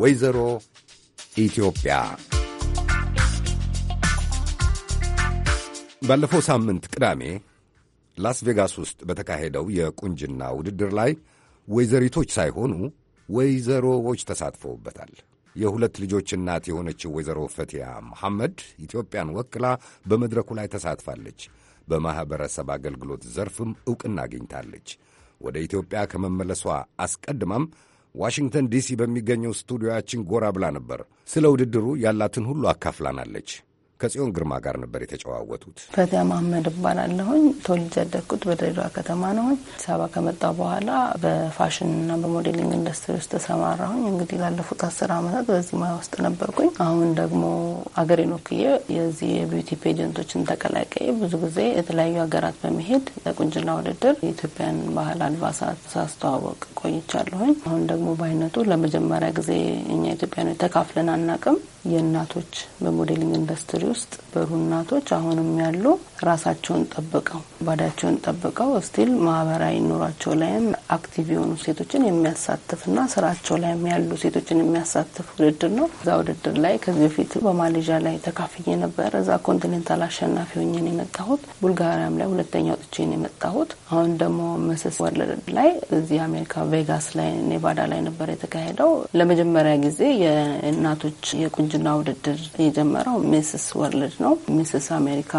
ወይዘሮ ኢትዮጵያ ባለፈው ሳምንት ቅዳሜ ላስ ቬጋስ ውስጥ በተካሄደው የቁንጅና ውድድር ላይ ወይዘሪቶች ሳይሆኑ ወይዘሮዎች ተሳትፈውበታል። የሁለት ልጆች እናት የሆነችው ወይዘሮ ፈቲያ መሐመድ ኢትዮጵያን ወክላ በመድረኩ ላይ ተሳትፋለች። በማኅበረሰብ አገልግሎት ዘርፍም ዕውቅና አግኝታለች። ወደ ኢትዮጵያ ከመመለሷ አስቀድማም ዋሽንግተን ዲሲ በሚገኘው ስቱዲዮያችን ጎራ ብላ ነበር። ስለ ውድድሩ ያላትን ሁሉ አካፍላናለች። ከጽዮን ግርማ ጋር ነበር የተጨዋወቱት። ፈትያ ማህመድ እባላለሁኝ። ተወልጄ ያደግኩት በድሬዳዋ ከተማ ነው። አዲስ አበባ ከመጣሁ በኋላ በፋሽንና በሞዴሊንግ ኢንዱስትሪ ውስጥ ተሰማራሁኝ። እንግዲህ ላለፉት አስር ዓመታት በዚህ ሙያ ውስጥ ነበርኩኝ። አሁን ደግሞ አገሬ ወክዬ የዚህ የቢዩቲ ፔጀንቶችን ተቀላቀይ። ብዙ ጊዜ የተለያዩ ሀገራት በመሄድ ለቁንጅና ውድድር የኢትዮጵያን ባህል አልባሳት ሳስተዋወቅ ቆይቻለሁኝ። አሁን ደግሞ በአይነቱ ለመጀመሪያ ጊዜ እኛ ኢትዮጵያኖች ተካፍለን አናቅም የእናቶች በሞዴሊንግ ኢንዱስትሪ ውስጥ በሩ እናቶች አሁንም ያሉ ራሳቸውን ጠብቀው ባዳቸውን ጠብቀው ስቲል ማህበራዊ ኑሯቸው ላይም አክቲቭ የሆኑ ሴቶችን የሚያሳትፍና ስራቸው ላይም ያሉ ሴቶችን የሚያሳትፍ ውድድር ነው። እዛ ውድድር ላይ ከዚህ በፊት በማሌዥያ ላይ ተካፍዬ ነበር። እዛ ኮንቲኔንታል አሸናፊ ሆኜ ነው የመጣሁት። ቡልጋሪያም ላይ ሁለተኛ ወጥቼ ነው የመጣሁት። አሁን ደግሞ ምስስ ወርልድ ላይ እዚህ አሜሪካ ቬጋስ ላይ ኔቫዳ ላይ ነበር የተካሄደው ለመጀመሪያ ጊዜ የእናቶች የቁንጅ የሽና ውድድር የጀመረው ሚስስ ወርልድ ነው። ሚስስ አሜሪካ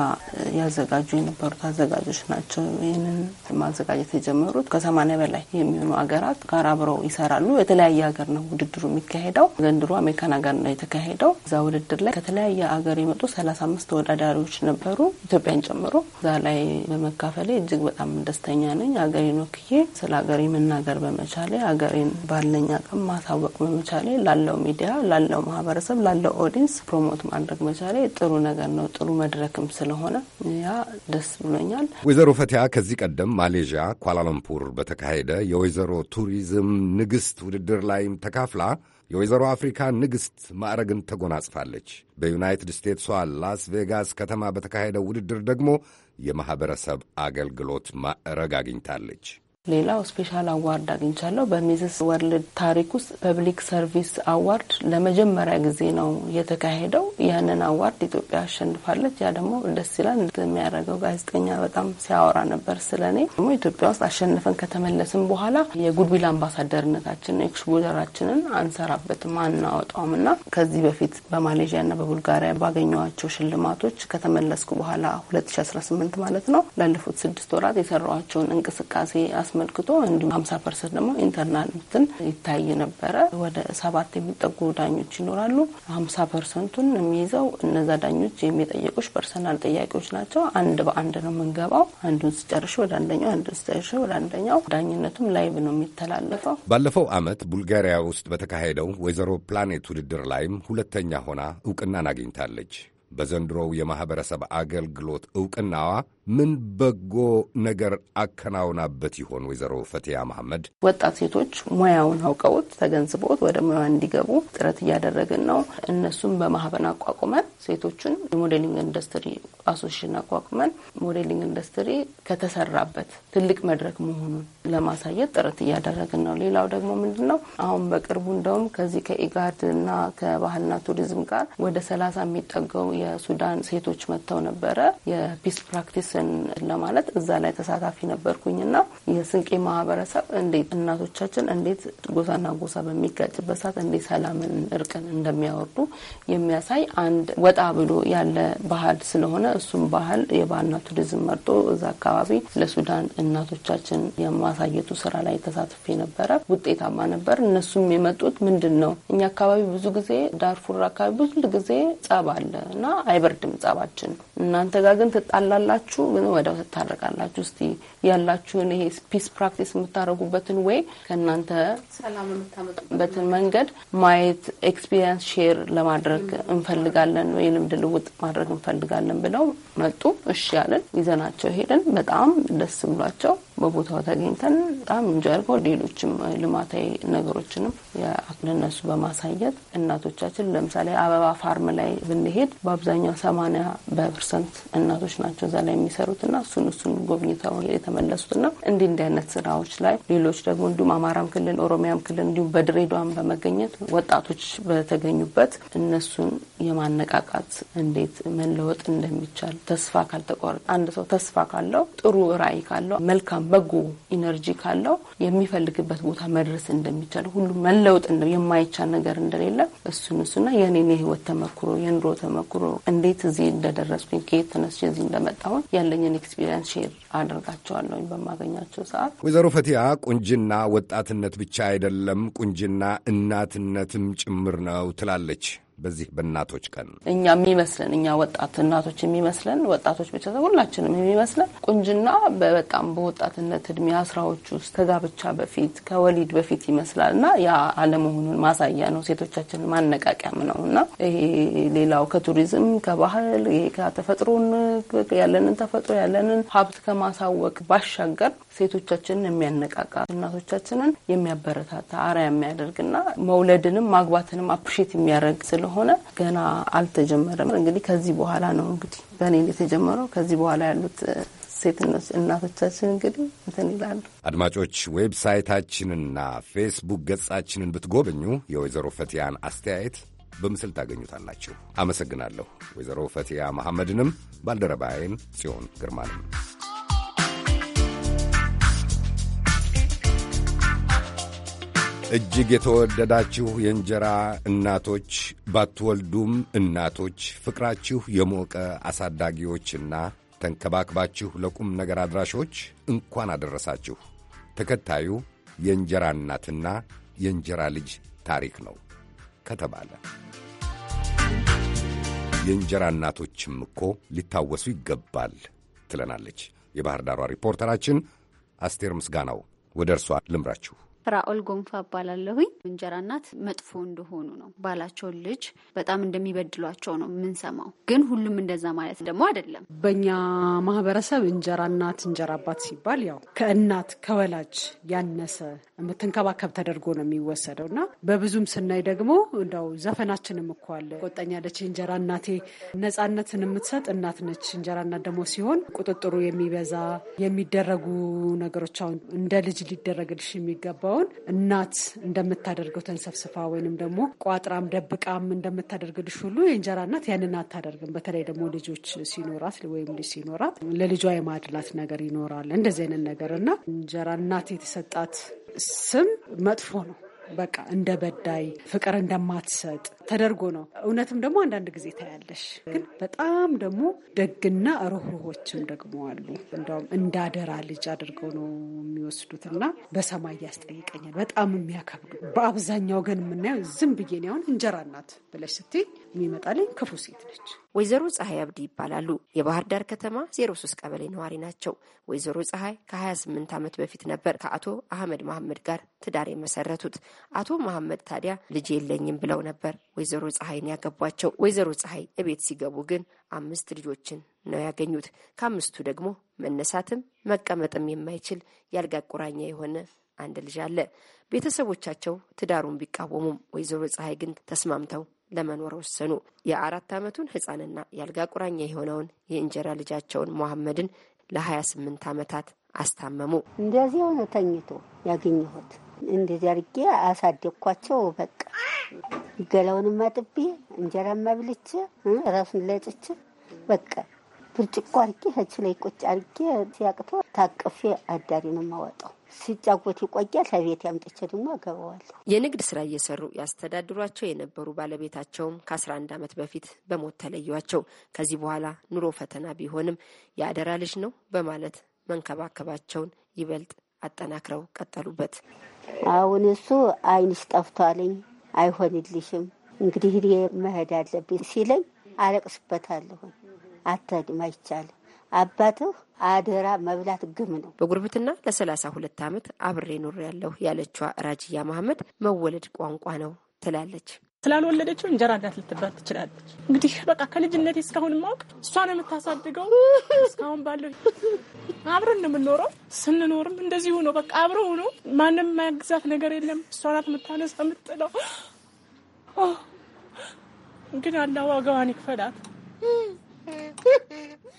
ያዘጋጁ የነበሩት አዘጋጆች ናቸው ይህንን ማዘጋጀት የጀመሩት። ከሰማኒያ በላይ የሚሆኑ ሀገራት ጋር አብረው ይሰራሉ። የተለያየ ሀገር ነው ውድድሩ የሚካሄደው። ዘንድሮ አሜሪካን ሀገር ነው የተካሄደው። እዛ ውድድር ላይ ከተለያየ ሀገር የመጡ ሰላሳ አምስት ተወዳዳሪዎች ነበሩ ኢትዮጵያን ጨምሮ። እዛ ላይ በመካፈሌ እጅግ በጣም ደስተኛ ነኝ። ሀገሬን ወክዬ ስለ ሀገሬ መናገር በመቻሌ ሀገሬን ባለኝ አቅም ማሳወቅ በመቻሌ ላለው ሚዲያ፣ ላለው ማህበረሰብ፣ ላለው ኦዲንስ ፕሮሞት ማድረግ መቻሌ ጥሩ ነገር ነው። ጥሩ መድረክም ስለሆነ ያ ደስ ብሎኛል። ወይዘሮ ፈቲያ ከዚህ ቀደም ማሌዥያ ኳላላምፑር በተካሄደ የወይዘሮ ቱሪዝም ንግሥት ውድድር ላይም ተካፍላ የወይዘሮ አፍሪካ ንግሥት ማዕረግን ተጎናጽፋለች። በዩናይትድ ስቴትሷ ላስ ቬጋስ ከተማ በተካሄደው ውድድር ደግሞ የማኅበረሰብ አገልግሎት ማዕረግ አግኝታለች። ሌላው ስፔሻል አዋርድ አግኝቻለሁ። በሚዝስ ወርልድ ታሪክ ውስጥ ፐብሊክ ሰርቪስ አዋርድ ለመጀመሪያ ጊዜ ነው የተካሄደው። ያንን አዋርድ ኢትዮጵያ አሸንፋለች። ያ ደግሞ ደስ ይላል። የሚያደርገው ጋዜጠኛ በጣም ሲያወራ ነበር ስለ እኔ። ደግሞ ኢትዮጵያ ውስጥ አሸንፈን ከተመለስን በኋላ የጉድቢል አምባሳደርነታችን ኤክስፖዘራችንን አንሰራበትም፣ አናወጣውም እና ከዚህ በፊት በማሌዥያና በቡልጋሪያ ባገኘኋቸው ሽልማቶች ከተመለስኩ በኋላ 2018 ማለት ነው ላለፉት ስድስት ወራት የሰራኋቸውን እንቅስቃሴ አስመልክቶ እንዲሁም ሀምሳ ፐርሰንት ደግሞ ኢንተርናል እንትን ይታይ ነበረ። ወደ ሰባት የሚጠጉ ዳኞች ይኖራሉ። ሀምሳ ፐርሰንቱን የሚይዘው እነዛ ዳኞች የሚጠየቁሽ ፐርሰናል ጥያቄዎች ናቸው። አንድ በአንድ ነው የምንገባው። አንዱን ስጨርሽ ወደ አንደኛው፣ አንዱን ስጨርሽ ወደ አንደኛው። ዳኝነቱም ላይቭ ነው የሚተላለፈው። ባለፈው ዓመት ቡልጋሪያ ውስጥ በተካሄደው ወይዘሮ ፕላኔት ውድድር ላይም ሁለተኛ ሆና እውቅናን አግኝታለች። በዘንድሮው የማህበረሰብ አገልግሎት እውቅናዋ ምን በጎ ነገር አከናውናበት ይሆን? ወይዘሮ ፈቲያ መሐመድ ወጣት ሴቶች ሙያውን አውቀውት ተገንዝበውት ወደ ሙያ እንዲገቡ ጥረት እያደረግን ነው። እነሱም በማህበን አቋቁመን ሴቶችን የሞዴሊንግ ኢንዱስትሪ አሶሽን አቋቁመን ሞዴሊንግ ኢንዱስትሪ ከተሰራበት ትልቅ መድረክ መሆኑን ለማሳየት ጥረት እያደረግን ነው። ሌላው ደግሞ ምንድን ነው አሁን በቅርቡ እንደውም ከዚህ ከኢጋድ እና ከባህልና ቱሪዝም ጋር ወደ ሰላሳ የሚጠገው የሱዳን ሴቶች መጥተው ነበረ የፒስ ፕራክቲስ አለን ለማለት እዛ ላይ ተሳታፊ ነበርኩኝና የስንቄ ማህበረሰብ እንዴት እናቶቻችን እንዴት ጎሳና ጎሳ በሚጋጭበት ሰዓት እንዴት ሰላምን፣ እርቅን እንደሚያወርዱ የሚያሳይ አንድ ወጣ ብሎ ያለ ባህል ስለሆነ እሱም ባህል የባህልና ቱሪዝም መርጦ እዛ አካባቢ ለሱዳን እናቶቻችን የማሳየቱ ስራ ላይ ተሳትፌ ነበረ። ውጤታማ ነበር። እነሱም የመጡት ምንድን ነው እኛ አካባቢ ብዙ ጊዜ ዳርፉር አካባቢ ብዙ ጊዜ ጸብ አለ እና አይበርድም ጸባችን። እናንተ ጋር ግን ትጣላላችሁ፣ ምን ወዲያው ትታረቃላችሁ። እስቲ ያላችሁን ይሄ ፒስ ፕራክቲስ የምታደርጉበትን ወይ ከእናንተ በትን መንገድ ማየት ኤክስፒሪየንስ ሼር ለማድረግ እንፈልጋለን ወይ ልምድ ልውጥ ማድረግ እንፈልጋለን ብለው መጡ። እሺ ያለን ይዘናቸው ሄደን በጣም ደስ ብሏቸው በቦታው ተገኝተን በጣም እንጂ አድርገው ሌሎችም ልማታዊ ነገሮችንም ለነሱ በማሳየት እናቶቻችን ለምሳሌ አበባ ፋርም ላይ ብንሄድ በአብዛኛው ሰማንያ በፐርሰንት እናቶች ናቸው እዛ ላይ የሚሰሩት እና እሱን እሱን ጎብኝተው የተመለሱት እና እንዲህ እንዲህ አይነት ስራዎች ላይ ሌሎች ደግሞ እንዲሁም አማራም ክልል ኦሮሚያም ክልል እንዲሁም በድሬዳዋም በመገኘት ወጣቶች በተገኙበት እነሱን የማነቃቃት እንዴት መለወጥ እንደሚቻል ተስፋ ካልተቆረጠ አንድ ሰው ተስፋ ካለው ጥሩ ራዕይ ካለው መልካም በጎ ኢነርጂ ካለው የሚፈልግበት ቦታ መድረስ እንደሚቻል ሁሉ እንደ የማይቻል ነገር እንደሌለ እሱን እሱና የኔን የህይወት ተመክሮ የኑሮ ተመክሮ እንዴት እዚህ እንደደረስኩኝ ከየት ተነስቼ እዚህ እንደመጣሁን ያለኝን ኤክስፒሪንስ ሼር አደርጋቸዋለሁኝ በማገኛቸው ሰዓት። ወይዘሮ ፈቲያ ቁንጅና ወጣትነት ብቻ አይደለም፣ ቁንጅና እናትነትም ጭምር ነው ትላለች። በዚህ በእናቶች ቀን እኛ የሚመስለን እኛ ወጣት እናቶች የሚመስለን ወጣቶች ብቻ ሁላችንም የሚመስለን ቁንጅና በጣም በወጣትነት እድሜ አስራዎች ውስጥ ከጋብቻ በፊት ከወሊድ በፊት ይመስላል እና ያ አለመሆኑን ማሳያ ነው። ሴቶቻችን ማነቃቂያም ነው እና ይሄ ሌላው ከቱሪዝም ከባህል ይሄ ከተፈጥሮን ያለንን ተፈጥሮ ያለንን ሀብት ከማሳወቅ ባሻገር ሴቶቻችንን የሚያነቃቃ እናቶቻችንን የሚያበረታታ አርአያ የሚያደርግና መውለድንም ማግባትንም አፕሪሼት የሚያደርግ ስለ ስለሆነ ገና አልተጀመረም። እንግዲህ ከዚህ በኋላ ነው እንግዲህ በእኔ የተጀመረው። ከዚህ በኋላ ያሉት ሴት እናቶቻችን እንግዲህ እንትን ይላሉ። አድማጮች ዌብሳይታችንና ፌስቡክ ገጻችንን ብትጎበኙ የወይዘሮ ፈቲያን አስተያየት በምስል ታገኙታላችሁ። አመሰግናለሁ ወይዘሮ ፈቲያ መሐመድንም ባልደረባዬን ጽዮን ግርማንም። እጅግ የተወደዳችሁ የእንጀራ እናቶች፣ ባትወልዱም እናቶች፣ ፍቅራችሁ የሞቀ አሳዳጊዎችና ተንከባክባችሁ ለቁም ነገር አድራሾች እንኳን አደረሳችሁ። ተከታዩ የእንጀራ እናትና የእንጀራ ልጅ ታሪክ ነው ከተባለ የእንጀራ እናቶችም እኮ ሊታወሱ ይገባል ትለናለች የባህር ዳሯ ሪፖርተራችን አስቴር ምስጋናው። ወደ እርሷ ልምራችሁ። ራኦል ጎንፋ እባላለሁኝ። እንጀራ እናት መጥፎ እንደሆኑ ነው ባላቸውን ልጅ በጣም እንደሚበድሏቸው ነው የምንሰማው። ግን ሁሉም እንደዛ ማለት ደግሞ አይደለም። በእኛ ማህበረሰብ እንጀራ እናት እንጀራ አባት ሲባል ያው ከእናት ከወላጅ ያነሰ የምትንከባከብ ተደርጎ ነው የሚወሰደው እና በብዙም ስናይ ደግሞ እንደው ዘፈናችንም እኮ አለ ቆጠኛ ደች እንጀራ እናቴ ነጻነትን የምትሰጥ እናት ነች። እንጀራ እናት ደግሞ ሲሆን ቁጥጥሩ የሚበዛ የሚደረጉ ነገሮች አሁን እንደ ልጅ ሊደረግልሽ የሚገባው ሳይሆን እናት እንደምታደርገው ተንሰፍስፋ ወይንም ደግሞ ቋጥራም ደብቃም ልሽ ሁሉ የእንጀራ እናት ያንን አታደርግም። በተለይ ደግሞ ልጆች ሲኖራት ወይም ልጅ ሲኖራት ለልጇ የማድላት ነገር ይኖራል። እንደዚህ አይነት ነገር እና እንጀራ እናት የተሰጣት ስም መጥፎ ነው። በቃ እንደ በዳይ ፍቅር እንደማትሰጥ ተደርጎ ነው። እውነትም ደግሞ አንዳንድ ጊዜ ታያለሽ። ግን በጣም ደግሞ ደግና ሩህሩሆችም ደግሞ አሉ። እንደውም እንዳደራ ልጅ አድርገው ነው የሚወስዱት እና በሰማይ ያስጠይቀኛል። በጣም የሚያከብዱ በአብዛኛው ግን የምናየው ዝም ብዬ ነው አሁን እንጀራ እናት ብለሽ ስትይ የሚመጣልኝ ክፉ ሴት ነች። ወይዘሮ ፀሐይ አብዲ ይባላሉ። የባህር ዳር ከተማ 03 ቀበሌ ነዋሪ ናቸው። ወይዘሮ ፀሐይ ከ28 ዓመት በፊት ነበር ከአቶ አህመድ መሐመድ ጋር ትዳር የመሰረቱት። አቶ መሐመድ ታዲያ ልጅ የለኝም ብለው ነበር ወይዘሮ ፀሐይን ያገቧቸው። ወይዘሮ ፀሐይ እቤት ሲገቡ ግን አምስት ልጆችን ነው ያገኙት። ከአምስቱ ደግሞ መነሳትም መቀመጥም የማይችል ያልጋ ቁራኛ የሆነ አንድ ልጅ አለ። ቤተሰቦቻቸው ትዳሩን ቢቃወሙም ወይዘሮ ፀሐይ ግን ተስማምተው ለመኖር ወሰኑ። የአራት ዓመቱን ህፃንና የአልጋ ቁራኛ የሆነውን የእንጀራ ልጃቸውን መሐመድን ለ28 ዓመታት አስታመሙ። እንደዚህ ሆነ ተኝቶ ያገኘሁት እንደዚህ አድርጌ አሳደግኳቸው። በቃ ገላውንም አጥቤ እንጀራ አብልቼ ራሱን ለጭች በቃ ብርጭቆ አድርጌ ህች ላይ ቁጭ አድርጌ ሲያቅቶ ታቅፌ አዳሪ ነው የማወጣው። ሲጫወት ይቆያል። ከቤት ያምጥቼ ደግሞ አገባዋለሁ። የንግድ ስራ እየሰሩ ያስተዳድሯቸው የነበሩ ባለቤታቸውም ከ11 ዓመት በፊት በሞት ተለዩዋቸው። ከዚህ በኋላ ኑሮ ፈተና ቢሆንም የአደራ ልጅ ነው በማለት መንከባከባቸውን ይበልጥ አጠናክረው ቀጠሉበት። አሁን እሱ አይንሽ ጠፍቷልኝ አይሆንልሽም እንግዲህ መሄድ አለብኝ ሲለኝ አለቅስበታለሁ። አተድም አይቻልም አባትህ አደራ መብላት ግም ነው። በጉርብትና ለሰላሳ ሁለት ዓመት አብሬ ኖር ያለሁ ያለችዋ ራጅያ መሐመድ መወለድ ቋንቋ ነው ትላለች። ስላልወለደችው እንጀራ እናት ልትባል ትችላለች። እንግዲህ በቃ ከልጅነቴ እስካሁን ማወቅ እሷ ነው የምታሳድገው። እስካሁን ባለው አብረን ነው የምንኖረው። ስንኖርም እንደዚህ ሆኖ በቃ አብረ ሆኖ ማንም የማያግዛት ነገር የለም። እሷ ናት የምታነሳ የምትጥለው። ግን አላ ዋጋዋን ይክፈላት።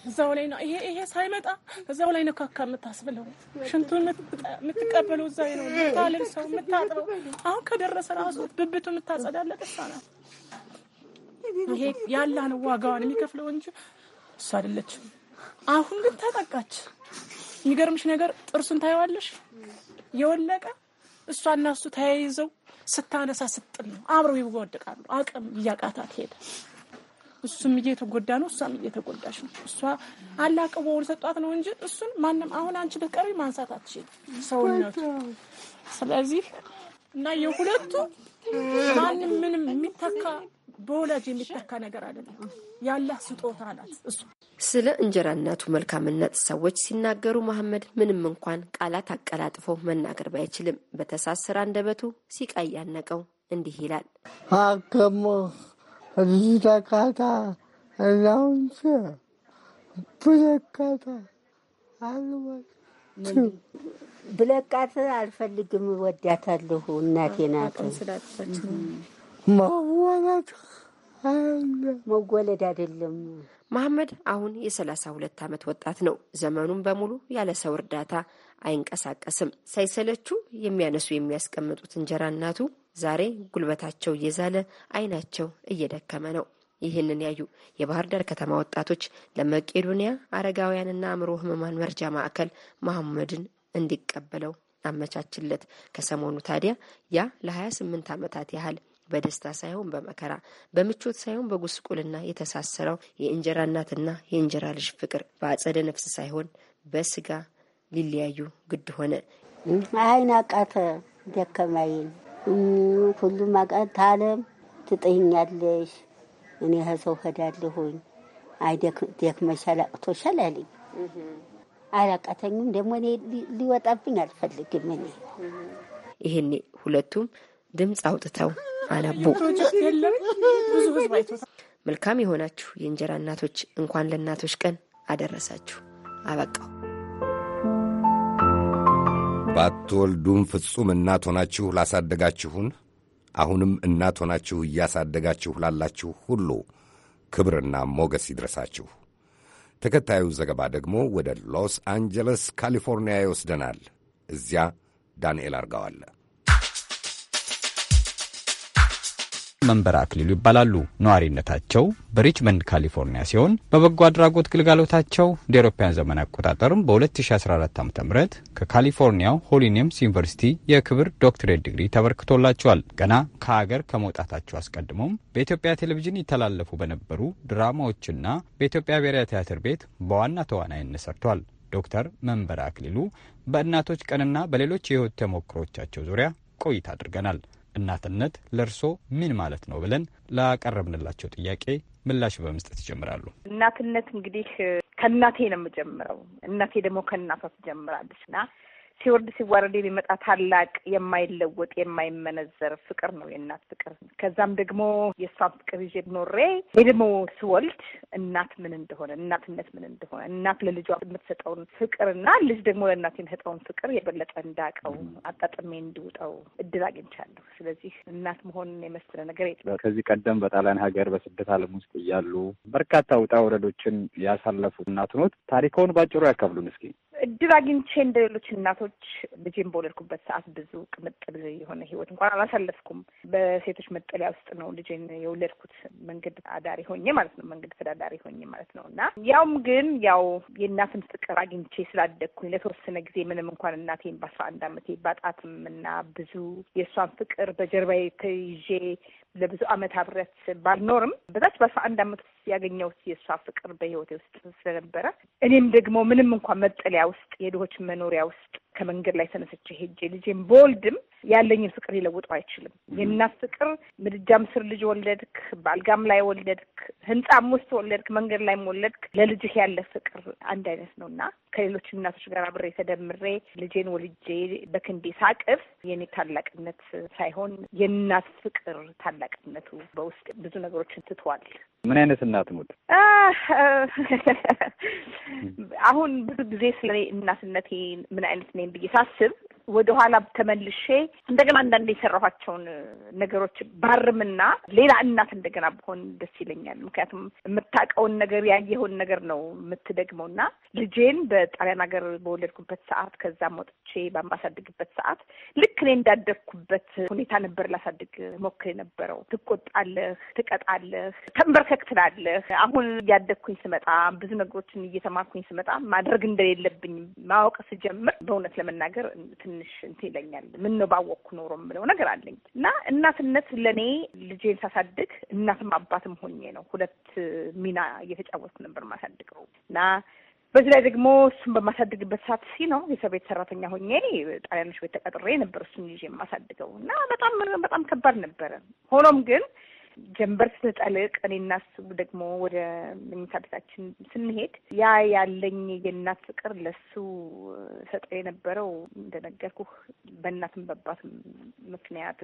እዛው ላይ ነው። ይሄ ይሄ ሳይመጣ እዛው ላይ ነው ካካ የምታስብለው ሽንቱን የምትቀበለው እዛ ነው ሰው የምታጥበው። አሁን ከደረሰ ራሱ ብብቱ የምታጸዳለት እሷ ናት። ይሄ ነው ዋጋዋን የሚከፍለው እንጂ እሱ አይደለችም። አሁን ግን ተጠቃች። የሚገርምሽ ነገር ጥርሱን ታየዋለሽ የወለቀ እሷ እና እሱ ተያይዘው ስታነሳ ስጥል ነው አብረው ይወድቃሉ። አቅም እያቃታት ሄደ። እሱም እየተጎዳ ነው፣ እሷም እየተጎዳች ነው። እሷ አላቀቦ ሰጧት ነው እንጂ እሱን ማንም አሁን አንቺ ብትቀሪ ማንሳት አትችል ሰውነቱ። ስለዚህ እና የሁለቱ ማንም ምንም የሚተካ በወላጅ የሚተካ ነገር አይደለም። ያላህ ስጦታ ናት እሱ። ስለ እንጀራነቱ መልካምነት ሰዎች ሲናገሩ መሐመድ ምንም እንኳን ቃላት አቀላጥፎ መናገር ባይችልም በተሳሰረ አንደበቱ ሲቃይ ያነቀው እንዲህ ይላል አከሞ ብዙ ብለካታ ብለቃት አልፈልግም፣ ወዳታለሁ። እናቴ ናት። መወለድ አይደለም። መሐመድ አሁን የሰላሳ ሁለት ዓመት ወጣት ነው። ዘመኑን በሙሉ ያለ ሰው እርዳታ አይንቀሳቀስም። ሳይሰለቹ የሚያነሱ የሚያስቀምጡት እንጀራ እናቱ ዛሬ ጉልበታቸው እየዛለ አይናቸው እየደከመ ነው። ይህንን ያዩ የባህር ዳር ከተማ ወጣቶች ለመቄዶንያ አረጋውያንና አእምሮ ህመማን መርጃ ማዕከል መሐመድን እንዲቀበለው አመቻችለት። ከሰሞኑ ታዲያ ያ ለ28 ዓመታት ያህል በደስታ ሳይሆን በመከራ በምቾት ሳይሆን በጉስቁልና የተሳሰረው የእንጀራ እናትና የእንጀራ ልጅ ፍቅር በአጸደ ነፍስ ሳይሆን በስጋ ሊለያዩ ግድ ሆነ። አይን አቃተ ደከማይን ሁሉም አቃት ታለም ትጥኛለሽ እኔ ከሰው ሄዳለሁኝ። አይ ደክመሻል፣ አቅቶሻል አለኝ። አላቃተኝም ደግሞ እኔ ሊወጣብኝ አልፈልግም። እኔ ይሄኔ ሁለቱም ድምፅ አውጥተው አነቡ። መልካም የሆናችሁ የእንጀራ እናቶች እንኳን ለእናቶች ቀን አደረሳችሁ። አበቃው። ባትወልዱም ፍጹም እናት ሆናችሁ ላሳደጋችሁን አሁንም እናት ሆናችሁ እያሳደጋችሁ ላላችሁ ሁሉ ክብርና ሞገስ ይድረሳችሁ። ተከታዩ ዘገባ ደግሞ ወደ ሎስ አንጀለስ ካሊፎርኒያ ይወስደናል። እዚያ ዳንኤል አርጋዋለሁ። መንበር አክሊሉ ይባላሉ። ነዋሪነታቸው በሪችመንድ ካሊፎርኒያ ሲሆን በበጎ አድራጎት ግልጋሎታቸው እንደ አውሮፓውያን ዘመን አቆጣጠርም በ2014 ዓ ም ከካሊፎርኒያው ሆሊኒየምስ ዩኒቨርሲቲ የክብር ዶክትሬት ዲግሪ ተበርክቶላቸዋል። ገና ከሀገር ከመውጣታቸው አስቀድሞም በኢትዮጵያ ቴሌቪዥን ይተላለፉ በነበሩ ድራማዎችና በኢትዮጵያ ብሔራዊ ቲያትር ቤት በዋና ተዋናይነት ሰርቷል። ዶክተር መንበር አክሊሉ በእናቶች ቀንና በሌሎች የህይወት ተሞክሮቻቸው ዙሪያ ቆይታ አድርገናል። እናትነት ለእርሶ ምን ማለት ነው ብለን ላቀረብንላቸው ጥያቄ ምላሽ በመስጠት ይጀምራሉ። እናትነት እንግዲህ ከእናቴ ነው የምጀምረው። እናቴ ደግሞ ከእናቷ ትጀምራለች እና ሲወርድ ሲዋረድ የሚመጣ ታላቅ የማይለወጥ የማይመነዘር ፍቅር ነው የእናት ፍቅር። ከዛም ደግሞ የእሷን ፍቅር ይዤ ኖሬ ወይ ደግሞ ስወልድ እናት ምን እንደሆነ እናትነት ምን እንደሆነ እናት ለልጇ የምትሰጠውን ፍቅርና ልጅ ደግሞ ለእናት የሚሰጠውን ፍቅር የበለጠ እንዳቀው አጣጥሜ እንድውጠው እድል አግኝቻለሁ። ስለዚህ እናት መሆንን የመሰለ ነገር ከዚህ ቀደም በጣሊያን ሀገር በስደት ዓለም ውስጥ እያሉ በርካታ ውጣ ውረዶችን ያሳለፉ እናት ኖት። ታሪከውን ባጭሩ ያካፍሉን እስኪ። እድል አግኝቼ እንደሌሎች እናቶች ሴቶች ልጄን በወለድኩበት ሰዓት ብዙ ቅምጥል የሆነ ህይወት እንኳን አላሳለፍኩም። በሴቶች መጠለያ ውስጥ ነው ልጄን የወለድኩት መንገድ አዳሪ ሆኜ ማለት ነው፣ መንገድ ተዳዳሪ ሆኜ ማለት ነው። እና ያውም ግን ያው የእናትን ፍቅር አግኝቼ ስላደግኩኝ ለተወሰነ ጊዜ ምንም እንኳን እናቴን በአስራ አንድ አመቴ ባጣትም እና ብዙ የእሷን ፍቅር በጀርባዬ ተይዤ ለብዙ አመት አብረት ባልኖርም በዛች በአስራ አንድ አመት ያገኘሁት የእሷ ፍቅር በህይወቴ ውስጥ ስለነበረ እኔም ደግሞ ምንም እንኳን መጠለያ ውስጥ የድሆች መኖሪያ ውስጥ ከመንገድ ላይ ተነስቼ ሄጄ ልጄም በወልድም ያለኝን ፍቅር ሊለውጠው አይችልም። የእናት ፍቅር ምድጃም ስር ልጅ ወለድክ፣ በአልጋም ላይ ወለድክ፣ ህንጻም ውስጥ ወለድክ፣ መንገድ ላይም ወለድክ፣ ለልጅህ ያለ ፍቅር አንድ አይነት ነው እና ከሌሎች እናቶች ጋር አብሬ ተደምሬ ልጄን ወልጄ በክንዴ ሳቅፍ የኔ ታላቅነት ሳይሆን የእናት ፍቅር ታላቅነቱ በውስጥ ብዙ ነገሮችን ትቷል። ምን አይነት እናት ሙት? አሁን ብዙ ጊዜ ስለ እናትነቴ ምን አይነት ነኝ ብዬ ሳስብ ወደኋላ ተመልሼ እንደገና አንዳንድ የሰራኋቸውን ነገሮች ባርምና ሌላ እናት እንደገና ብሆን ደስ ይለኛል። ምክንያቱም የምታውቀውን ነገር ያየኸውን ነገር ነው የምትደግመው እና ልጄን በጣሊያን ሀገር በወለድኩበት ሰዓት ከዛም ወጥቼ በአምባሳድግበት ሰዓት ልክ እኔ እንዳደግኩበት ሁኔታ ነበር ላሳድግ ሞክር የነበረው። ትቆጣለህ፣ ትቀጣለህ፣ ተንበርከክ ትላለህ። አሁን ያደግኩኝ ስመጣ ብዙ ነገሮችን እየተማርኩኝ ስመጣ ማድረግ እንደሌለብኝ ማወቅ ስጀምር በእውነት ለመናገር ትን ትንሽ እንትን ይለኛል። ምን ነው ባወቅኩ ኖሮ የምለው ነገር አለኝ እና እናትነት ለእኔ ልጄን ሳሳድግ እናትም አባትም ሆኜ ነው። ሁለት ሚና እየተጫወትኩ ነበር ማሳድገው እና በዚህ ላይ ደግሞ እሱን በማሳድግበት ሰዓት ሲ ነው የሰው ቤት ሰራተኛ ሆኜ ጣሊያኖች ቤት ተቀጥሬ ነበር እሱን ይዤ የማሳድገው እና በጣም በጣም ከባድ ነበረ። ሆኖም ግን ጀንበር ስንጠልቅ እኔና እሱ ደግሞ ወደ መኝታ ቤታችን ስንሄድ ያ ያለኝ የእናት ፍቅር ለሱ ሰጠ የነበረው እንደነገርኩህ በእናትም በአባትም ምክንያት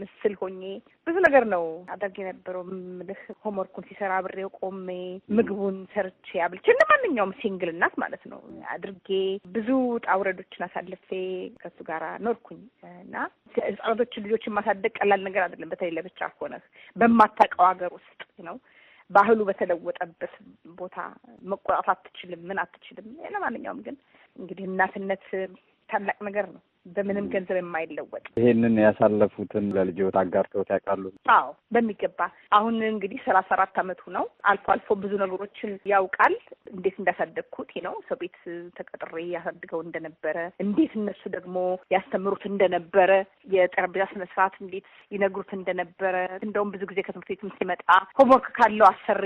ምስል ሆኜ ብዙ ነገር ነው አድርግ የነበረው ምልህ ሆምወርኩን ሲሰራ አብሬው ቆሜ ምግቡን ሰርቼ አብልቼ እንደ ማንኛውም ሲንግል እናት ማለት ነው አድርጌ ብዙ ጣውረዶችን አሳልፌ ከሱ ጋር ኖርኩኝ እና ህጻናቶችን ልጆችን ማሳደግ ቀላል ነገር አይደለም። በተለይ ለብቻ ሆነህ በማታውቀው ሀገር ውስጥ ነው ባህሉ በተለወጠበት ቦታ መቆጣት አትችልም፣ ምን አትችልም። ለማንኛውም ግን እንግዲህ እናትነት ታላቅ ነገር ነው። በምንም ገንዘብ የማይለወጥ ይሄንን ያሳለፉትን ለልጆት አጋርተውት ያውቃሉ? አዎ በሚገባ አሁን እንግዲህ ሰላሳ አራት አመቱ ነው። አልፎ አልፎ ብዙ ነገሮችን ያውቃል። እንዴት እንዳሳደግኩት ነው ሰው ቤት ተቀጥሬ ያሳድገው እንደነበረ፣ እንዴት እነሱ ደግሞ ያስተምሩት እንደነበረ፣ የጠረጴዛ ስነስርዓት እንዴት ይነግሩት እንደነበረ። እንደውም ብዙ ጊዜ ከትምህርት ቤትም ሲመጣ ሆምወርክ ካለው አሰሬ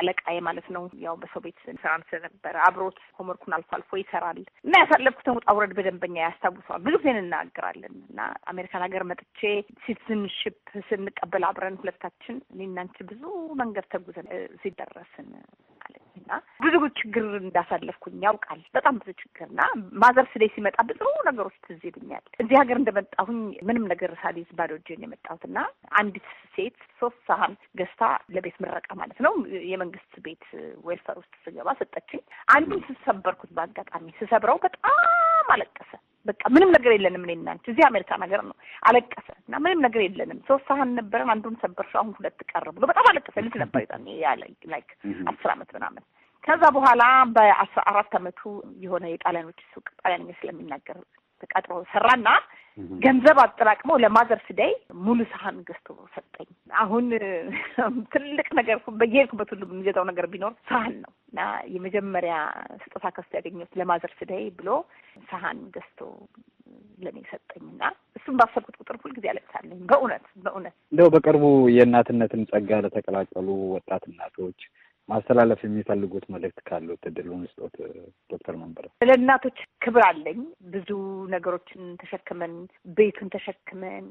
አለቃዬ ማለት ነው ያው በሰው ቤት ስራን ስለነበረ አብሮት ሆምወርኩን አልፎ አልፎ ይሰራል እና ያሳለፍኩትን ውጣ ውረድ በደንበኛ ያስታውሰዋል ብዙ ብዙን እናገራለን እና አሜሪካን ሀገር መጥቼ ሲቲዝንሽፕ ስንቀበል አብረን ሁለታችን እኔና ብዙ መንገድ ተጉዘን ሲደረስን እና ብዙ ችግር እንዳሳለፍኩኝ ያውቃል። በጣም ብዙ ችግርና ማዘርስ ዴይ ሲመጣ ብዙ ነገሮች ትዝ እዚህ ሀገር እንደመጣሁኝ ምንም ነገር ሳልይዝ ባዶ እጄን የመጣሁት እና አንዲት ሴት ሶስት ሳህን ገዝታ ለቤት ምረቃ ማለት ነው የመንግስት ቤት ዌልፈር ውስጥ ስገባ ሰጠችኝ። አንዱን ስሰበርኩት በአጋጣሚ ስሰብረው በጣም በጣም አለቀሰ። በቃ ምንም ነገር የለንም። እኔ እናንተ እዚህ አሜሪካ ነገር ነው። አለቀሰ እና ምንም ነገር የለንም። ሶስት ሳህን ነበረን፣ አንዱን ሰበርሽ፣ አሁን ሁለት ቀረ ብሎ በጣም አለቀሰ። ልጅ ነበር ላይክ አስር አመት ምናምን ከዛ በኋላ በአስራ አራት አመቱ የሆነ የጣሊያኖች ሱቅ ጣሊያንኛ ስለሚናገር ተቀጥሮ ሰራና ገንዘብ አጠራቅመው ለማዘርስ ዴይ ሙሉ ሳህን ገዝቶ ሰጠኝ። አሁን ትልቅ ነገር በየሄድኩበት ሁሉ የሚገዛው ነገር ቢኖር ሳህን ነው። እና የመጀመሪያ ስጦታ ከሱ ያገኘሁት ለማዘር ስደይ ብሎ ሰሀን ገዝቶ ለእኔ ሰጠኝና እሱም ባሰብኩት ቁጥር ሁልጊዜ አለቅሳለኝ። በእውነት በእውነት እንደው በቅርቡ የእናትነትን ጸጋ ለተቀላቀሉ ወጣት እናቶች ማስተላለፍ የሚፈልጉት መልእክት ካሉት እድሉን ስጦት። ዶክተር መንበረ ለእናቶች ክብር አለኝ። ብዙ ነገሮችን ተሸክመን ቤቱን ተሸክመን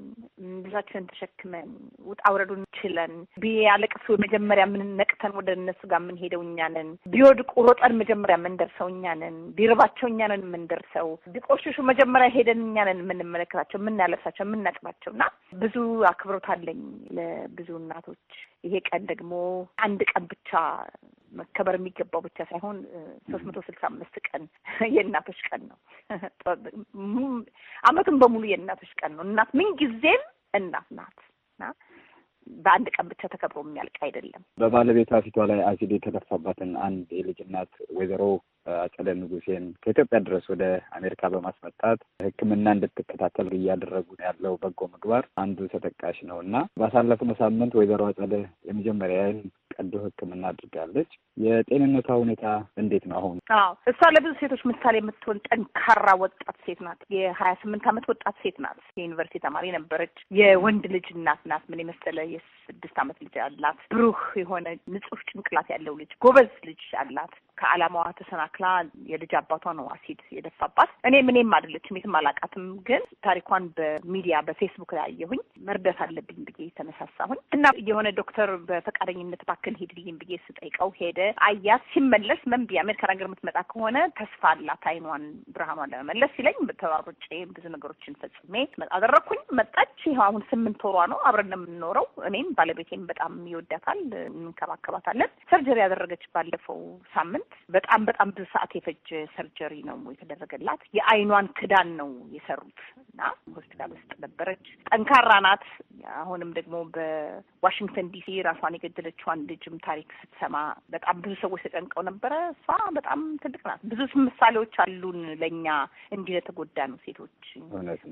ልጃችንን ተሸክመን ውጣ ውረዱን ችለን ቢያለቅሱ መጀመሪያ የምንነቅተን ወደ እነሱ ጋር የምንሄደው እኛ ነን። ቢወድቁ ሮጠን መጀመሪያ የምንደርሰው እኛ ነን። ቢርባቸው እኛ ነን የምንደርሰው። ቢቆሽሹ መጀመሪያ ሄደን እኛ ነን የምንመለከታቸው፣ የምናለብሳቸው፣ የምናጥባቸው እና ብዙ አክብሮት አለኝ ለብዙ እናቶች ይሄ ቀን ደግሞ አንድ ቀን ብቻ መከበር የሚገባው ብቻ ሳይሆን ሶስት መቶ ስልሳ አምስት ቀን የእናቶች ቀን ነው። አመቱን በሙሉ የእናቶች ቀን ነው። እናት ምንጊዜም እናት ናት እና በአንድ ቀን ብቻ ተከብሮ የሚያልቅ አይደለም። በባለቤቷ ፊቷ ላይ አሲድ የተደፋባትን አንድ የልጅ እናት ወይዘሮ አጸደ ንጉሴን ከኢትዮጵያ ድረስ ወደ አሜሪካ በማስመጣት ሕክምና እንድትከታተል እያደረጉ ያለው በጎ ምግባር አንዱ ተጠቃሽ ነው እና ባሳለፍነው ሳምንት ወይዘሮ አጸደ የመጀመሪያን ቀዶ ሕክምና አድርጋለች። የጤንነቷ ሁኔታ እንዴት ነው አሁን? አዎ እሷ ለብዙ ሴቶች ምሳሌ የምትሆን ጠንካራ ወጣት ሴት ናት። የሀያ ስምንት ዓመት ወጣት ሴት ናት። የዩኒቨርሲቲ ተማሪ ነበረች። የወንድ ልጅ እናት ናት። ምን የመሰለ የስድስት ዓመት ልጅ አላት። ብሩህ የሆነ ንጹህ ጭንቅላት ያለው ልጅ፣ ጎበዝ ልጅ አላት። ከአላማዋ ተሰናክላ የልጅ አባቷ ነው አሲድ የደፋባት። እኔ ምንም አይደለችም፣ የትም አላቃትም። ግን ታሪኳን በሚዲያ በፌስቡክ ላይ አየሁኝ። መርዳት አለብኝ ብዬ ተነሳሳሁኝ እና የሆነ ዶክተር በፈቃደኝነት ባክን ሄድልኝ ብዬ ስጠይቀው ሄደ። አያት ሲመለስ መንቢ አሜሪካን ሀገር የምትመጣ ከሆነ ተስፋ አላት አይኗን ብርሃኗን ለመመለስ ሲለኝ ተሯሩጬ ብዙ ነገሮችን ፈጽሜ አደረግኩኝ። መጣች። ይኸው አሁን ስምንት ወሯ ነው። አብረን ነው የምንኖረው። እኔም ባለቤቴም በጣም ይወዳታል፣ እንከባከባታለን። ሰርጀሪ ያደረገች ባለፈው ሳምንት በጣም በጣም ብዙ ሰዓት የፈጀ ሰርጀሪ ነው የተደረገላት። የአይኗን ክዳን ነው የሰሩት እና ሆስፒታል ውስጥ ነበረች። ጠንካራ ናት። አሁንም ደግሞ በዋሽንግተን ዲሲ ራሷን የገደለችዋን ልጅም ታሪክ ስትሰማ በጣም ብዙ ሰዎች ተጨንቀው ነበረ። እሷ በጣም ትልቅ ናት። ብዙ ምሳሌዎች አሉን ለእኛ እንዲህ ነው ሴቶች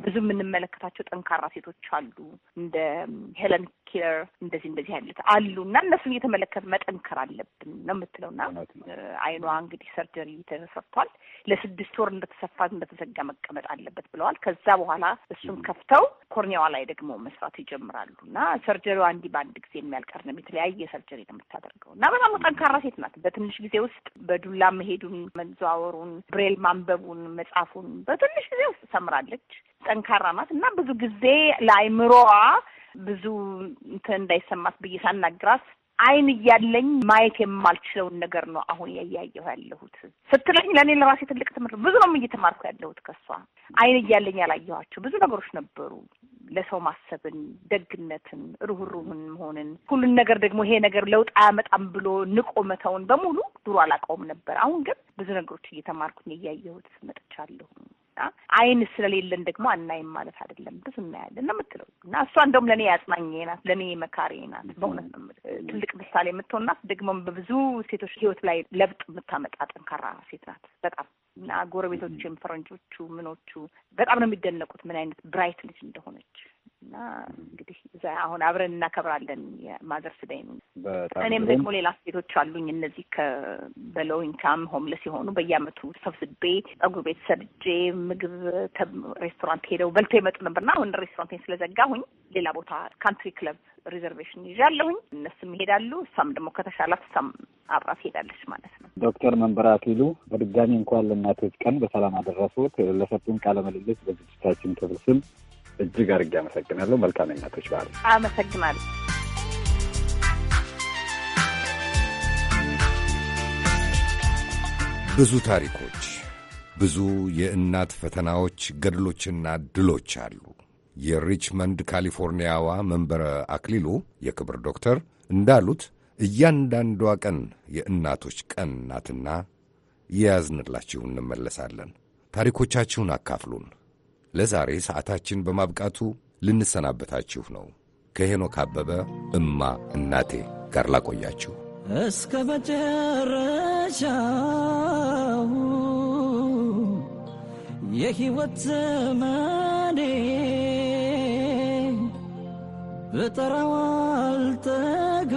ብዙ የምንመለከታቸው ጠንካራ ሴቶች አሉ እንደ ሄለን ኪለር እንደዚህ እንደዚህ አይነት አሉ እና እነሱን እየተመለከት መጠንከር አለብን ነው የምትለውና አይኗ እንግዲህ ሰርጀሪ ተሰርቷል። ለስድስት ወር እንደተሰፋ እንደተዘጋ መቀመጥ አለበት ብለዋል። ከዛ በኋላ እሱም ከፍተው ኮርኒያዋ ላይ ደግሞ መስራት ይጀምራሉ እና ሰርጀሪዋ እንዲህ በአንድ ጊዜ የሚያልቀር ነው። የተለያየ ሰርጀሪ ነው የምታደርገው እና በጣም ጠንካራ ሴት ናት። በትንሽ ጊዜ ውስጥ በዱላ መሄዱን፣ መንዘዋወሩን፣ ብሬል ማንበቡን፣ መጻፉን በትንሽ ጊዜ ውስጥ ሰምራለች። ጠንካራ ናት እና ብዙ ጊዜ ለአይምሮዋ ብዙ እንትን እንዳይሰማት ብዬ ሳናግራት አይን እያለኝ ማየት የማልችለውን ነገር ነው አሁን እያየሁ ያለሁት ስትለኝ ለእኔ ለራሴ ትልቅ ትምህርት ብዙ ነው እየተማርኩ ያለሁት ከሷ። አይን እያለኝ ያላየኋቸው ብዙ ነገሮች ነበሩ። ለሰው ማሰብን፣ ደግነትን፣ ሩህሩህን መሆንን፣ ሁሉን ነገር ደግሞ ይሄ ነገር ለውጥ አያመጣም ብሎ ንቆ መተውን በሙሉ ድሮ አላውቀውም ነበር። አሁን ግን ብዙ ነገሮች እየተማርኩኝ እያየሁት መጥቻለሁ። አይን ስለሌለን ደግሞ አናይም ማለት አይደለም። ብዙ እናያለን ነው የምትለው እና እሷ እንደውም ለእኔ ያጽናኝ ናት፣ ለእኔ መካሪ ናት። በእውነት ነው ትልቅ ምሳሌ የምትሆን ናት። በብዙ ሴቶች ህይወት ላይ ለብጥ የምታመጣ ጠንካራ ሴት ናት በጣም እና ጎረቤቶችም ፈረንጆቹ ምኖቹ በጣም ነው የሚደነቁት ምን አይነት ብራይት ልጅ እንደሆነች። እና እንግዲህ አሁን አብረን እናከብራለን የማዘርስ ደይን። እኔም ደግሞ ሌላ ስቴቶች አሉኝ እነዚህ በሎው ኢንካም ሆምለስ የሆኑ በየአመቱ ሰብስቤ ጸጉር ቤት ሰርጄ ምግብ ሬስቶራንት ሄደው በልቶ የመጡ ነበርና አሁን ሬስቶራንቴን ስለዘጋሁኝ ሌላ ቦታ ካንትሪ ክለብ ሪዘርቬሽን ይዣለሁኝ። እነሱም ይሄዳሉ። እሷም ደግሞ ከተሻላት እሷም አብራ ትሄዳለች ማለት ነው። ዶክተር መንበራ አክሊሉ በድጋሚ እንኳን ለእናቶች ቀን በሰላም አደረሱት። ለሰጡን ቃለ ምልልስ በዝግጅታችን ክፍል ስም እጅግ አድርጌ አመሰግናለሁ። መልካም እናቶች በዓል። አመሰግናለሁ። ብዙ ታሪኮች፣ ብዙ የእናት ፈተናዎች፣ ገድሎችና ድሎች አሉ። የሪችመንድ ካሊፎርኒያዋ መንበረ አክሊሉ የክብር ዶክተር እንዳሉት እያንዳንዷ ቀን የእናቶች ቀን ናትና እየያዝንላችሁ እንመለሳለን። ታሪኮቻችሁን አካፍሉን። ለዛሬ ሰዓታችን በማብቃቱ ልንሰናበታችሁ ነው። ከሄኖክ አበበ እማ እናቴ ጋር ላቆያችሁ እስከ መጨረሻው የሕይወት ዘመኔ ብጠራው አልጠግብም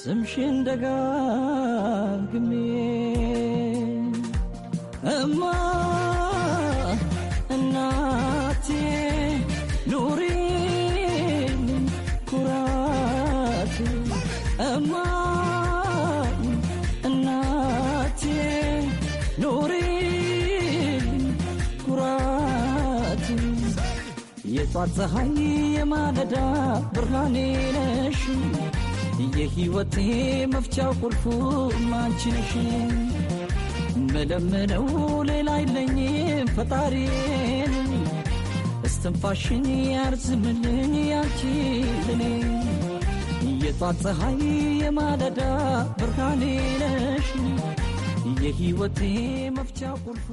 ስምሽን ደጋግሜ እናቴ እናቴ የጧት ፀሐይ የማለዳ ብርሃኔ ነሽ የሕይወቴ መፍቻ ቁልፉ ማንችንሽ የምለምነው ሌላ አይለኝም ፈጣሪን እስትንፋሽን ያርዝምልኝ ያንቺልኔ የጧት ፀሐይ የማለዳ ብርሃኔ ነሽ መፍቻ ቁልፉ።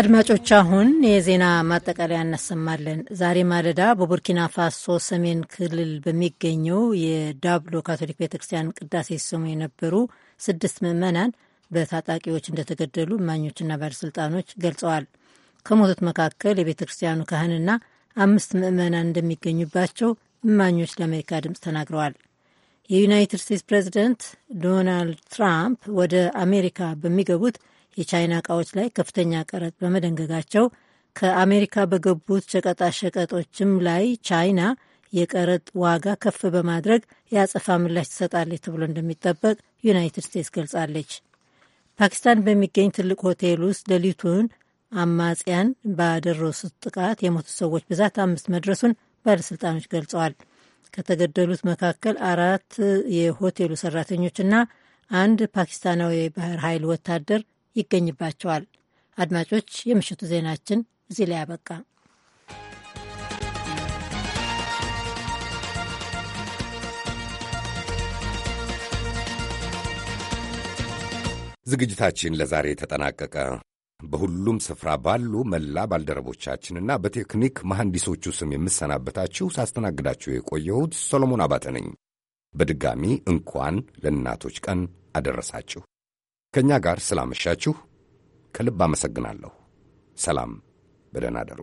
አድማጮች አሁን የዜና ማጠቃለያ እናሰማለን። ዛሬ ማለዳ በቡርኪና ፋሶ ሰሜን ክልል በሚገኘው የዳብሎ ካቶሊክ ቤተክርስቲያን ቅዳሴ ሲሰሙ የነበሩ ስድስት ምዕመናን በታጣቂዎች እንደተገደሉ እማኞችና ባለሥልጣኖች ገልጸዋል። ከሞቱት መካከል የቤተ ክርስቲያኑ ካህንና አምስት ምዕመናን እንደሚገኙባቸው እማኞች ለአሜሪካ ድምፅ ተናግረዋል። የዩናይትድ ስቴትስ ፕሬዚደንት ዶናልድ ትራምፕ ወደ አሜሪካ በሚገቡት የቻይና እቃዎች ላይ ከፍተኛ ቀረጥ በመደንገጋቸው ከአሜሪካ በገቡት ሸቀጣሸቀጦችም ላይ ቻይና የቀረጥ ዋጋ ከፍ በማድረግ የአጸፋ ምላሽ ትሰጣለች ተብሎ እንደሚጠበቅ ዩናይትድ ስቴትስ ገልጻለች። ፓኪስታን በሚገኝ ትልቅ ሆቴል ውስጥ ሌሊቱን አማጽያን ባደረሱት ጥቃት የሞቱ ሰዎች ብዛት አምስት መድረሱን ባለሥልጣኖች ገልጸዋል። ከተገደሉት መካከል አራት የሆቴሉ ሰራተኞችና አንድ ፓኪስታናዊ የባህር ኃይል ወታደር ይገኝባቸዋል። አድማጮች፣ የምሽቱ ዜናችን እዚህ ላይ አበቃ። ዝግጅታችን ለዛሬ ተጠናቀቀ። በሁሉም ስፍራ ባሉ መላ ባልደረቦቻችንና በቴክኒክ መሐንዲሶቹ ስም የምሰናበታችሁ ሳስተናግዳችሁ የቆየሁት ሰሎሞን አባተ ነኝ። በድጋሚ እንኳን ለእናቶች ቀን አደረሳችሁ። ከእኛ ጋር ስላመሻችሁ ከልብ አመሰግናለሁ። ሰላም፣ በደህና አደሩ።